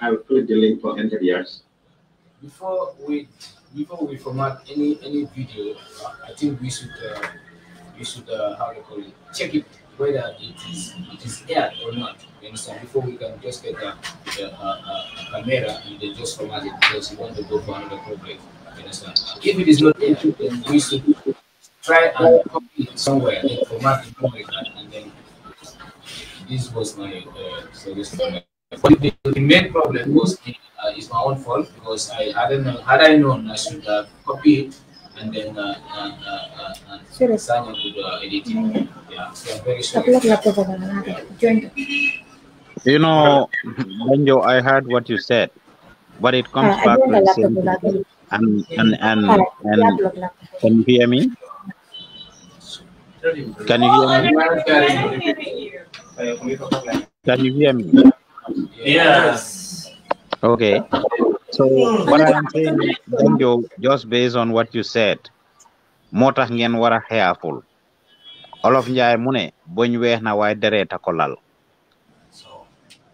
I will put the link for hundred Before we before we format any any video, I think we should uh, we should uh, how call it check it whether it is it is aired or not. You understand? Before we can just get a, a, a, a camera and then just format it because we want to go for another project. You understand? If it is not aired, then we should try and copy it somewhere and then And then this was my uh, suggestion. But the, the, main problem was uh, it's my own fault because I hadn't known, had I known I should have copy it and then uh, uh, uh, uh, uh sure. would uh, edit it. Mm-hmm. Yeah, so I'm very sure. You know, Benjo, I heard what you said, but it comes ah, back to the same thing. And, and, and, ah, and, and can you hear me? Can you hear me? Can you hear me? Yes. Okay. So what I'm saying is, you, just based on what you said, moo tax ngeen careful, all of olof njaay boñ weex na waaye dereet a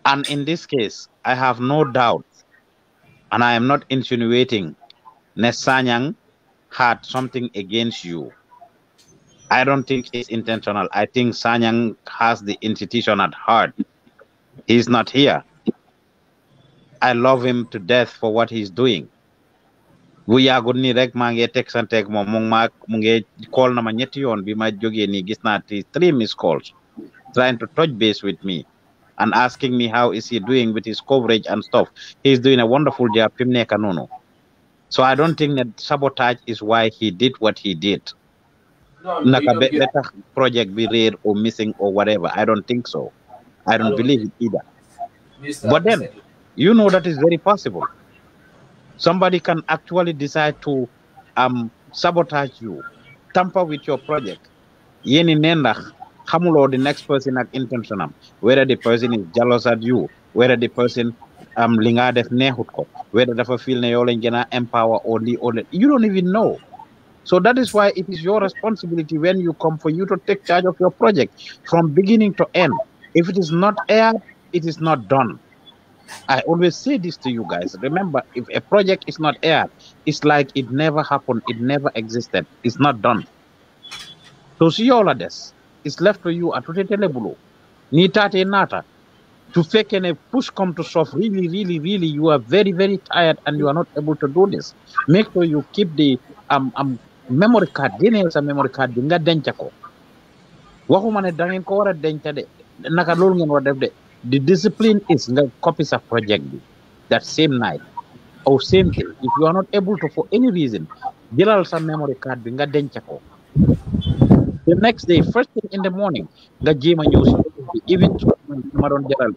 and in this case I have no doubt and I am not insinuating ne Sanyang had something against you I don't think it's intentional. I think Sanyang has the institution at heart. He's not here. I love him to death for what he's doing. are good. Ni rek maa text and moom mu ngi maa mu ngi call na ma ñetti yoon bi ma jógee gis naa three missed calls trying to touch base with me and asking me how is he doing with his coverage and stuff he's doing a wonderful job fi mu so I don't think that sabotage is why he did what he did naka project be rare or missing or whatever i don't think so i don't believe it either but then you know that is very possible somebody can actually decide to um, sabotage you tamper with your project yeni nenda, xamuloo the next person ak intentional. whether the person is jealous at you whether the person um, def whether dafa feel ne yow empower or lii or you don't even know so that is why it is your responsibility when you come for you to take charge of your project from beginning to end. If it is not aired, it is not done. I always say this to you guys. Remember, if a project is not aired, it's like it never happened, it never existed, it's not done. So see all of this. It's left to you at Telebulo. Nitate Nata. To fake and push come to shove, really, really, really, you are very, very tired and you are not able to do this. Make sure you keep the um, um memory card génneel sa memory card bi nga denc ko waxuma ne da ngeen ko war a denc de naka loolu ngeen war def de the discipline is nga copy sa project bi that same night or same day if you are not able to for any reason jëlal sa memory card bi nga denc ko the next day first thing in the morning nga jéem a ñëw si even to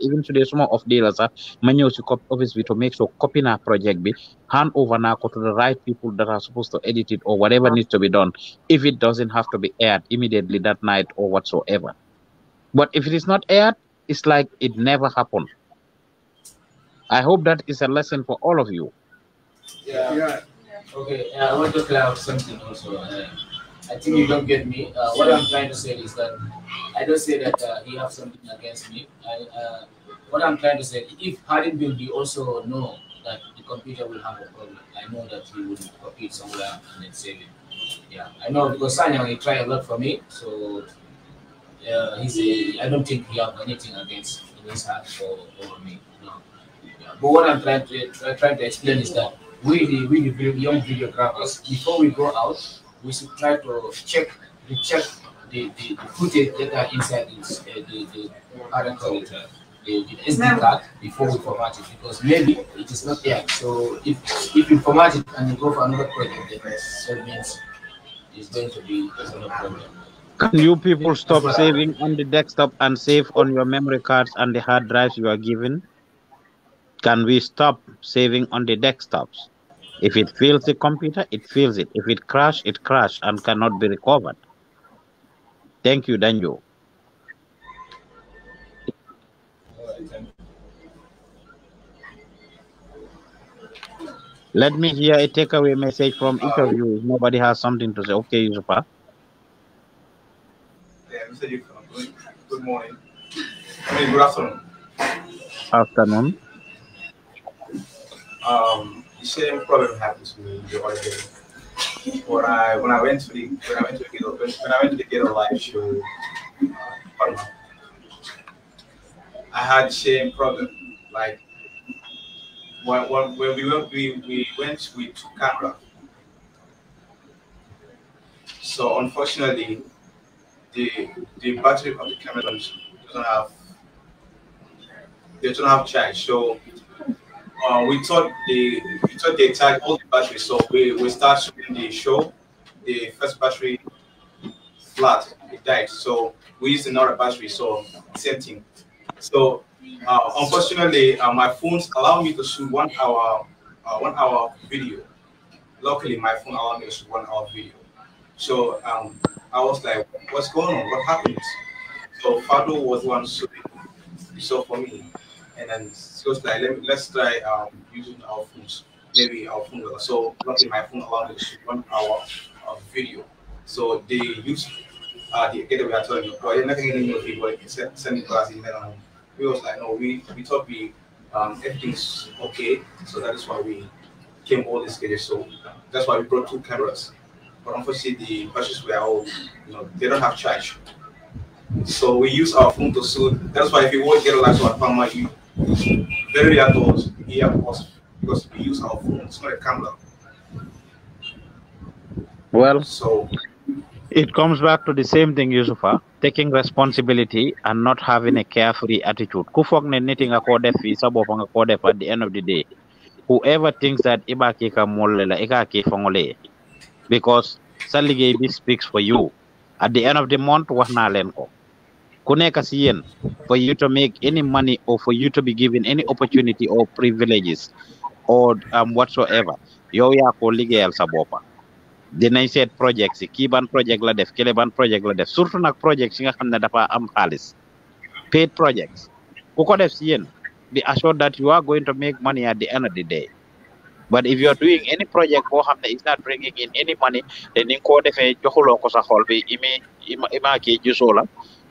even su some suma the day la sax ma ñëw si office bi to make sure copy naa project bi hand over now ko to the right people that are supposed to edit it or whatever needs to be done if it doesn't have to be aired immediately that night or whatsoever but if it is not aired it's like it never happened I hope that is a lesson for all of you. Yeah. yeah. Okay, uh, I want to clarify something also. Uh, I think you don't get me. Uh, what I'm trying to say is that I don't say that uh, he have something against me. I, uh, what I'm trying to say, if Build, you also know that the computer will have a problem, I know that he would copy it somewhere and then save it. Yeah, I know because Sanya, he try a lot for me, so uh, he's a, I don't think he have anything against against her for for me. No. Yeah. But what I'm trying to try, trying to explain is that we the we the young videographers before we go out, we should try to check we check the, the, the footage that are inside uh, the, the other the, the SD card before we format it because maybe it is not there. So if if you format it and you go for another project, then that means it's going to be another problem. Can you people stop well. saving on the desktop and save on your memory cards and the hard drives you are given? Can we stop saving on the desktops? If it fails the computer, it fails it. If it crash, it crash and cannot be recovered. Thank you, Danjo. Let me hear a takeaway message from each of you. If nobody has something to say, okay, Yusufa. Yeah, Mr. good morning. Good afternoon. Afternoon. Um, the same problem happens to me the other day when I when I went to the when I went to the ghetto when I went to the live show, I had the same problem. Like when, when, we went we, we went with camera. So unfortunately, the the battery of the camera doesn't have they don't have charge. So uh, we thought the we thought they attack all the batteries, so we, we start shooting the show. The first battery flat, it died. So we used another battery, so same thing. So uh, unfortunately, uh, my phones allow me to shoot one hour, uh, one hour video. Luckily, my phone allowed me to shoot one hour video. So um, I was like, "What's going on? What happened?" So Fado was one shooting. So for me, and then she like, Let me, let's try um, using our phones. Maybe our phone. So luckily my phone allowed me to one hour of video. So they used uh, the gateway I told you, but you're not getting any people like sending class email. And we was like, no, we, we thought we um, everything's okay. So that is why we came all this schedule. So that's why we brought two cameras. But unfortunately, the batteries were all, you know, they don't have charge. So we use our phone to shoot. That's why if you want to get a laptop at Palma, you very rare to us course, because we use our phone. It's not a camera. Well, so it comes back to the same thing, Yusufa, taking responsibility and not having a carefree attitude. Kufogne knitting a code fee, sabofang a code at the end of the day. Whoever thinks that Ibaki Kamolela, Ikaki Fongole, because Saligay speaks for you. At the end of the month, Wahna Lenko. ku nekk si yéen for you to make any money or for you to be given any opportunity or privileges or um, whatsoever yow yaa ko liggéeyal sa boppa dinañ seet project si kii ban project la def kile ban project la def surtout nag project si nga xam ne dafa am xaalis paid projects ku ko def si yéen be assured that you are going to make money at the end of the day but if you are doing any project boo xam ne is not bringing in any money te ni ko defee joxuloo ko sa xol bi imi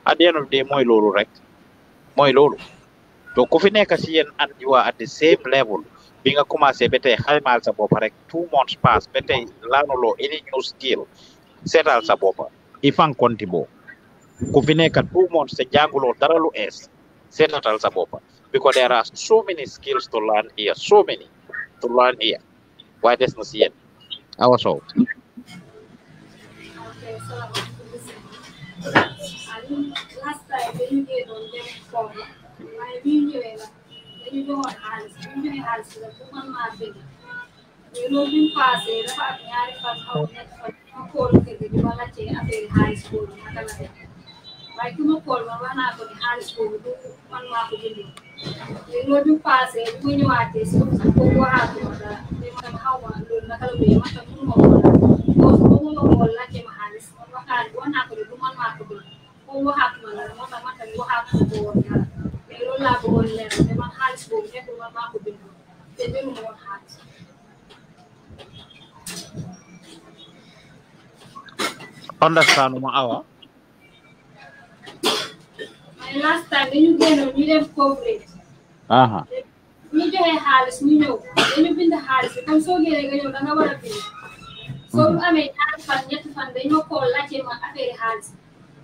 at the end of the day mooy loolu rek moy lolu do ko fi nek ci and you at the same level bi nga commencé ba tey sa bop rek two months pass bete tey any new skill Setal sa bop i fan konti bo fi nek two months se jangulo dara lu es. Setal sa bop because there are so many skills to learn here so many to learn here why des see si yéen awa last time dañu ñëwee doon dem koom la waaye bi ñu ñëwee la dañu joxoon xaalis bi ñu joxee xaalis la bu man maa dégg mais loolu bi mu passé dafa am ñaari fan xaw ñett fan ma kool kër gi di ma laajtee affaire xaalis boobu naka la def waaye ku ma kool ma wax naa ko ni xaalis boobu du man maa ko jëndi mais loolu bi mu passé bi ma ñëwaatee si kooku waxaatu ma dara mais man xaw ma loolu naka la doyee man tam mënu ma ko laaj kooku ma mënu ma ko laajte ma xaalis man waxtaan bi wax naa ko ni mu waxaat ma la moo tax ma tamit waxaat ma ko woon dara mais loolu laa bëggoon leer ne ma xaalis boobu nekkul ma maa ko bind te bind ma woon xaalis understand ma awa mais last time dañu génnoon ñu def coverage aha ñu joxe xaalis ñu ñëw dañu bind xaalis bi comme soo génnee nga ñëw da nga war a bind soo amee ñaari fan ñetti fan dañoo koo laajte ma affaire xaalis bi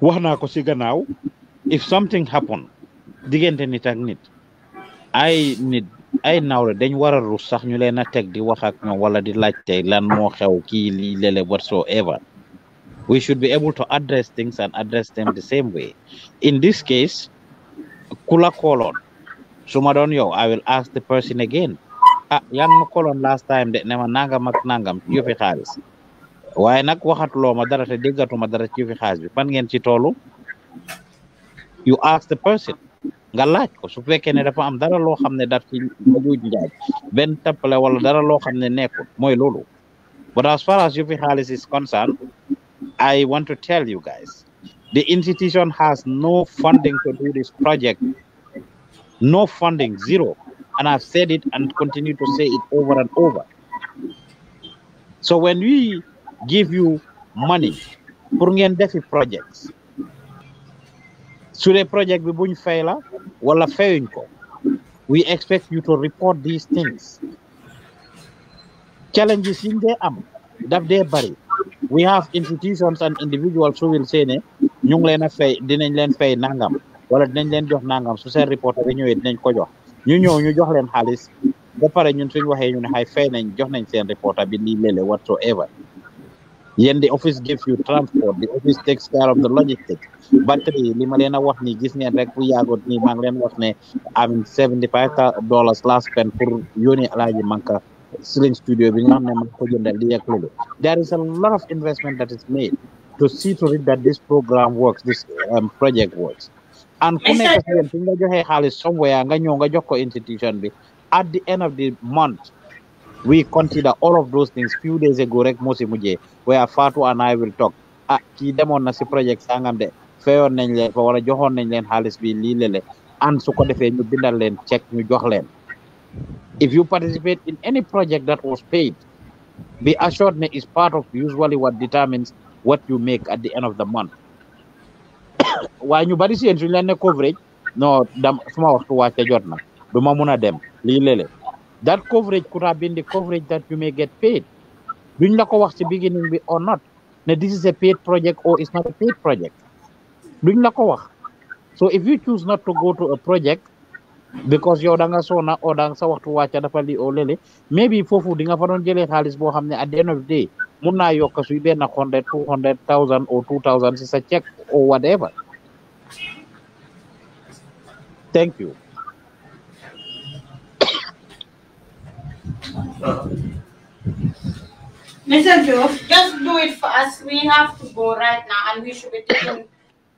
wax naa ko si gannaaw if something happen diggante nit ak nit ay nit ay nawle dañ war a rus sax ñu leen a teg di wax ak ñoom wala di laajte lan moo xew kii lii lele whatsoever we should be able to address things and address them the same way in this case ku la kooloon su ma doon yow I will ask the person again ah yaa ngi ma kooloon last time de ne ma nangam ak nangam yofi xaalis waaye nag waxatuloo ma dara te déggatuma dara ci fi xaas bi fan ngeen ci toolu you ask the person nga laaj ko su fekkee ne dafa am dara loo xam ne daf ci njuuj njaaj benn tappale wala dara loo xam ne nekkul mooy loolu but as far as you fi xaalis is concerned I want to tell you guys the institution has no funding to do this project no funding zero and I've said it and continue to say it over and over so when we give you money pour ngeen defi project su dee project bi buñ fay la wala fayuñ ko we expect you to report these things challenges yiñ dee am daf dee bari we have institutions and individuals who will say ne ñu ngi leen a fay dinañ leen fay nangam wala dinañ leen jox nangam su seen report bi ñëwee dinañ ko jox ñu ñëw ñu jox leen xaalis ba pare ñun suñ waxee ñu ne xay fay nañ jox nañ seen reporter bi lii léeg-léeg whatsoever yéen the office gives you transport the office takes care of the logistics battery lima ma leen a wax nii gis ngeen rek bu yàggoot nii maa ngi leen wax ne am seventy five dollars last spend pour yoni alaji manka Sling studio bi nga xam ne man ko jëndal li ak loolu there is a lot of investment that is made to see to it that this program works this um, project works and ku nekk si yéen fi nga joxee xaalis somewhere nga ñëw nga jox ko institution bi at the end of the month we consider all of those things. Few days ago, Rek Mose Muje, where Fatu and I will talk. Ah, ki demoon na si project sangam de feyoon nañ leen fa wala joxoon nañ leen xaalis bi lii lele and su ko defee ñu bindal leen check ñu jox leen. If you participate in any project that was paid, be assured that is part of usually what determines what you make at the end of the month. waaye ñu bari si yéen suñ leen ne coverage non dam suma waxtu wàcce jot na du ma mun a dem lii lele that coverage could have been the coverage that you may get paid Bring la ko wax ci beginning bi or not ne this is a paid project or it's not a paid project Bring la ko wax so if you choose not to go to a project because yow da nga soona or da nga sa waxtu wàcca dafa li oo lele maybe foofu di nga fa doon jëlee xaalis boo xam at the end of the day mun naa yokk suy benn hundred two hundred thousand or two thousand si sa check or whatever thank you Uh. Mr. Joe, just do it for us. We have to go right now, and we should be taking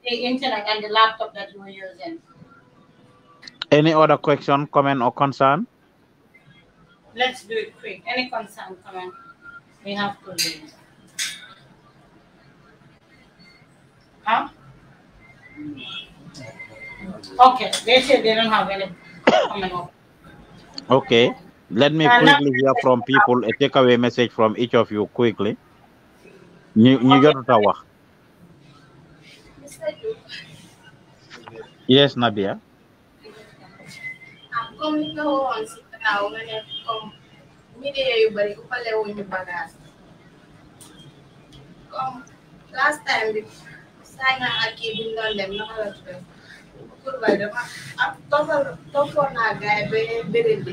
the internet and the laptop that you are using. Any other question, comment, or concern? Let's do it quick. Any concern, comment? We have to leave. Huh? Okay, they say they don't have any comment. okay let me quickly hear from people a takeaway message from each of you quickly ñu ñu jotuta wax yes Nabia last time bi saay nga ak dem naka la tudd pour bay dama ak toppal toppoon naa gaay ba beneen bi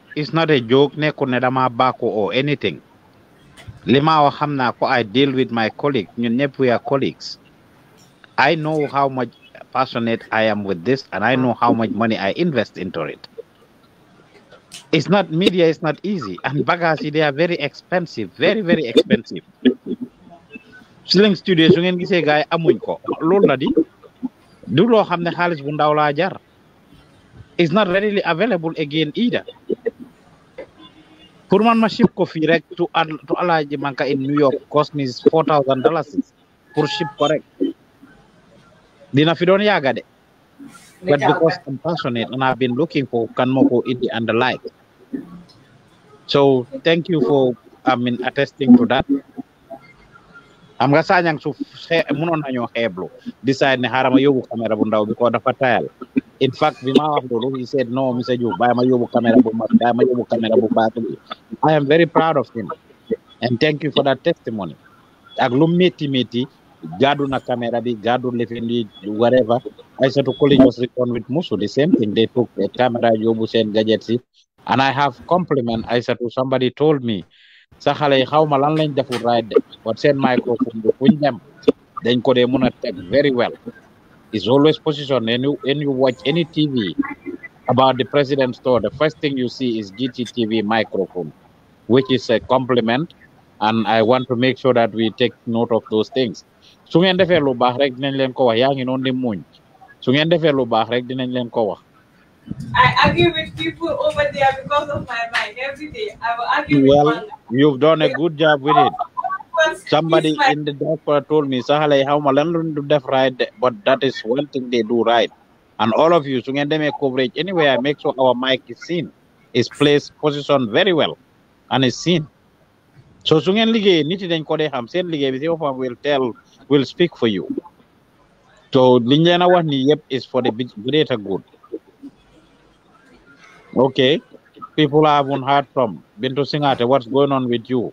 it's not a joke nekkul ne dama bako or anything li ma wax ko I deal with my colleague ñun ñëpp we are colleagues I know how much passionate I am with this and I know how much money I invest into it it's not media is not easy and bagage they are very expensive very very expensive Sling Studio su ngeen gisee amuñ ko loolu la di du loo xam ne xaalis bu ndaw laa jar it's not readily available again either Kurman man ma ship ko fii rek to al to alaaji manka in new york cost me four thousand dollars pour ship ko rek dina fi doon yaaga de but because I'm passionate and I've been looking for kan moko Idi and the like. So thank you for I mean attesting to that. am nga sañang su munon nañu xeblu decide ne harama yobu camera bu ndaw bi ko dafa tayal in fact bi ma he said no monsieur Diouf bàyyi ma yóbbu caméra bu mag bàyyi ma caméra bu I am very proud of him and thank you for that testimony ak lu métti métti na caméra bi gàddu whatever. I said to College was returned with Musu the same thing they took a camera yóbbu seen gadget si and I have compliment I said to somebody told me sa how yi xaw ma lan lañ deful right de but seen microphone bi fuñ dem dañ ko dee very well is always positioned Any, you, you watch any TV about the president's store, the first thing you see is GTTV microphone, which is a compliment. And I want to make sure that we take note of those things. su ngeen defee lu baax rek dinañ leen ko wax yaa ngi noonu di muñ su ngeen lu rek dinañ leen ko wax. I argue with people over there because of my mind every day. I will argue well, with you've done a good job with it somebody in the doctor told me sahalay hawma lan to do def right but that is one thing they do right and all of you so ngeen make coverage anyway. I make sure our mic is seen is placed positioned very well and is seen so su ngeen liggéey nit yi dañ ko dee xam seen liggéey bi si boppam will tell will speak for you so liñ leen a wax ni yëpp is for the greater good okay people I haven't heard from Bintu Singate what's going on with you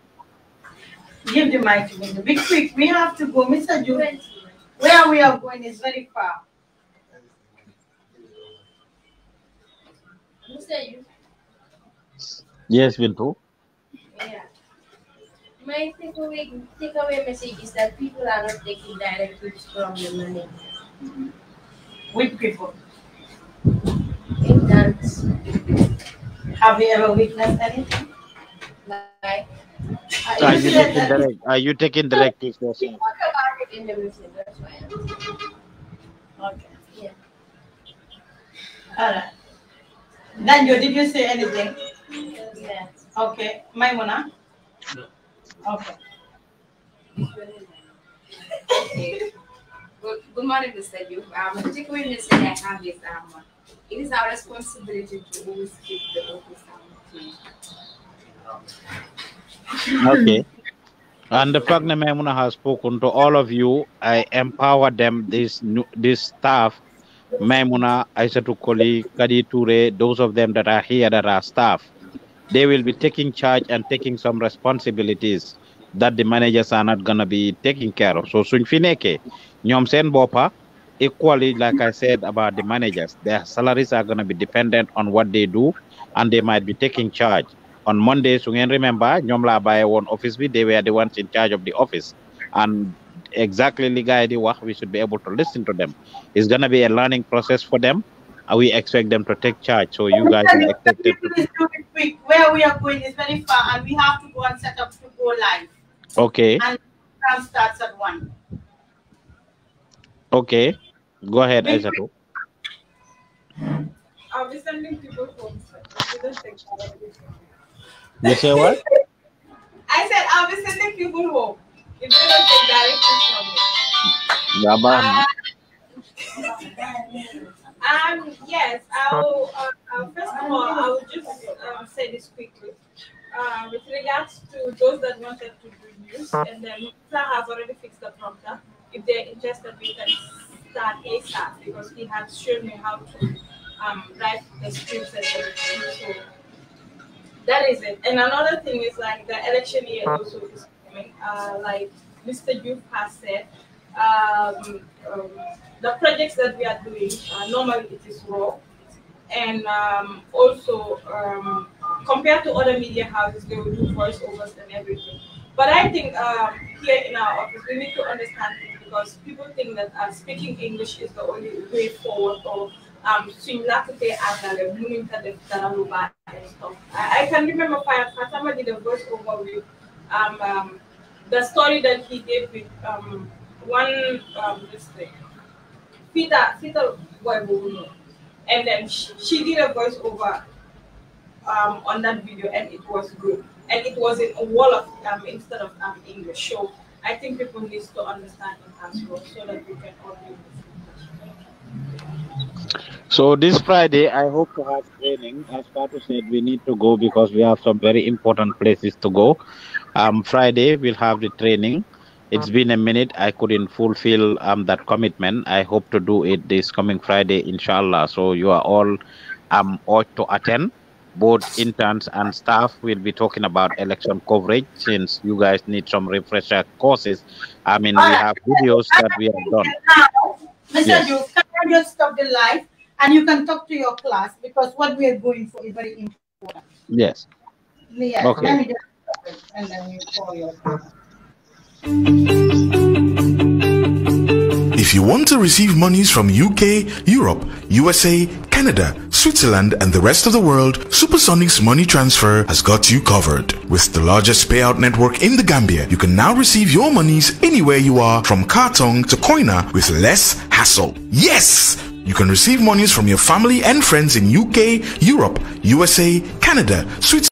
give the mic to Windu. Be quick, we have to go. Mr. Joe, where we are going is very far. Mr. Joe. Yes, Windu. Yeah. My takeaway, takeaway message is that people are not taking direct routes from the money. With people? In dance. Have you ever witnessed anything? Like, are, you taking direct, are you taking direct teach lesson? Okay. Yeah. All right. Then you did you say anything? Yeah. Okay. Maimuna? No. Okay. good, morning, Mr. Yu. Um, particularly Mr. Deham is um, it is our responsibility to always keep the office um, clean. Okay. And the fact that Memuna has spoken to all of you, I empower them, this new, this staff, Memuna, to Koli, Kadi Ture, those of them that are here that are staff, they will be taking charge and taking some responsibilities that the managers are not going to be taking care of. So, Sunfineke, Nyom Sen Bopa, equally, like I said about the managers, their salaries are going to be dependent on what they do and they might be taking charge on Monday, so you can remember, Nyomla Baye one office, they were the ones in charge of the office. And exactly Ligai work, we should be able to listen to them. It's going to be a learning process for them. We expect them to take charge. So you guys are expected to. Where we are going is very far, and we have to go and set up to go live. Okay. And program starts at 1. Okay. Go ahead, Isaac. I'll be sending people home. You say what? I said I'll be sending people home if they don't take directions from me. Um, um, yes, I'll, uh, uh, first of all, I'll just um, say this quickly. Uh, with regards to those that wanted to do news, and then Musa has already fixed the prompter. If they're interested, we can start ASAP because he has shown me how to um, write the scripts and everything. So that is it. And another thing is like the election year also is coming. Uh, like Mr. Youth has said, um, um, the projects that we are doing, uh, normally it is raw. And um, also, um, compared to other media houses, they will do voiceovers and everything. But I think um, here in our office, we need to understand things because people think that uh, speaking English is the only way forward or um, Swinglatute and the Bloomington, the Taraluba and stuff. I, I can remember Fatama did a voiceover with um, um, the story that he did with um, one, um, this thing, Peter, Peter Boybuno. And then she, she did a voiceover um, on that video and it was good. And it was in a wall of um, instead of um, English. So I think people need to understand it as well so that we can all be so this Friday, I hope to have training. As Patu said, we need to go because we have some very important places to go. Um, Friday, we'll have the training. It's ah. been a minute. I couldn't fulfill um, that commitment. I hope to do it this coming Friday, inshallah. So you are all um, ought to attend. Both interns and staff will be talking about election coverage since you guys need some refresher courses. I mean, we ah. have videos that we have done. Mr. Yes. You, can I just stop the live? and you can talk to your class because what we are going for is very important. Yes. Yes. Okay. Let me just and then you call your If you want to receive monies from UK, Europe, USA, Canada, Switzerland, and the rest of the world, Supersonic's money transfer has got you covered. With the largest payout network in the Gambia, you can now receive your monies anywhere you are from Kartong to Koina with less hassle. Yes! You can receive monies from your family and friends in UK, Europe, USA, Canada, Switzerland,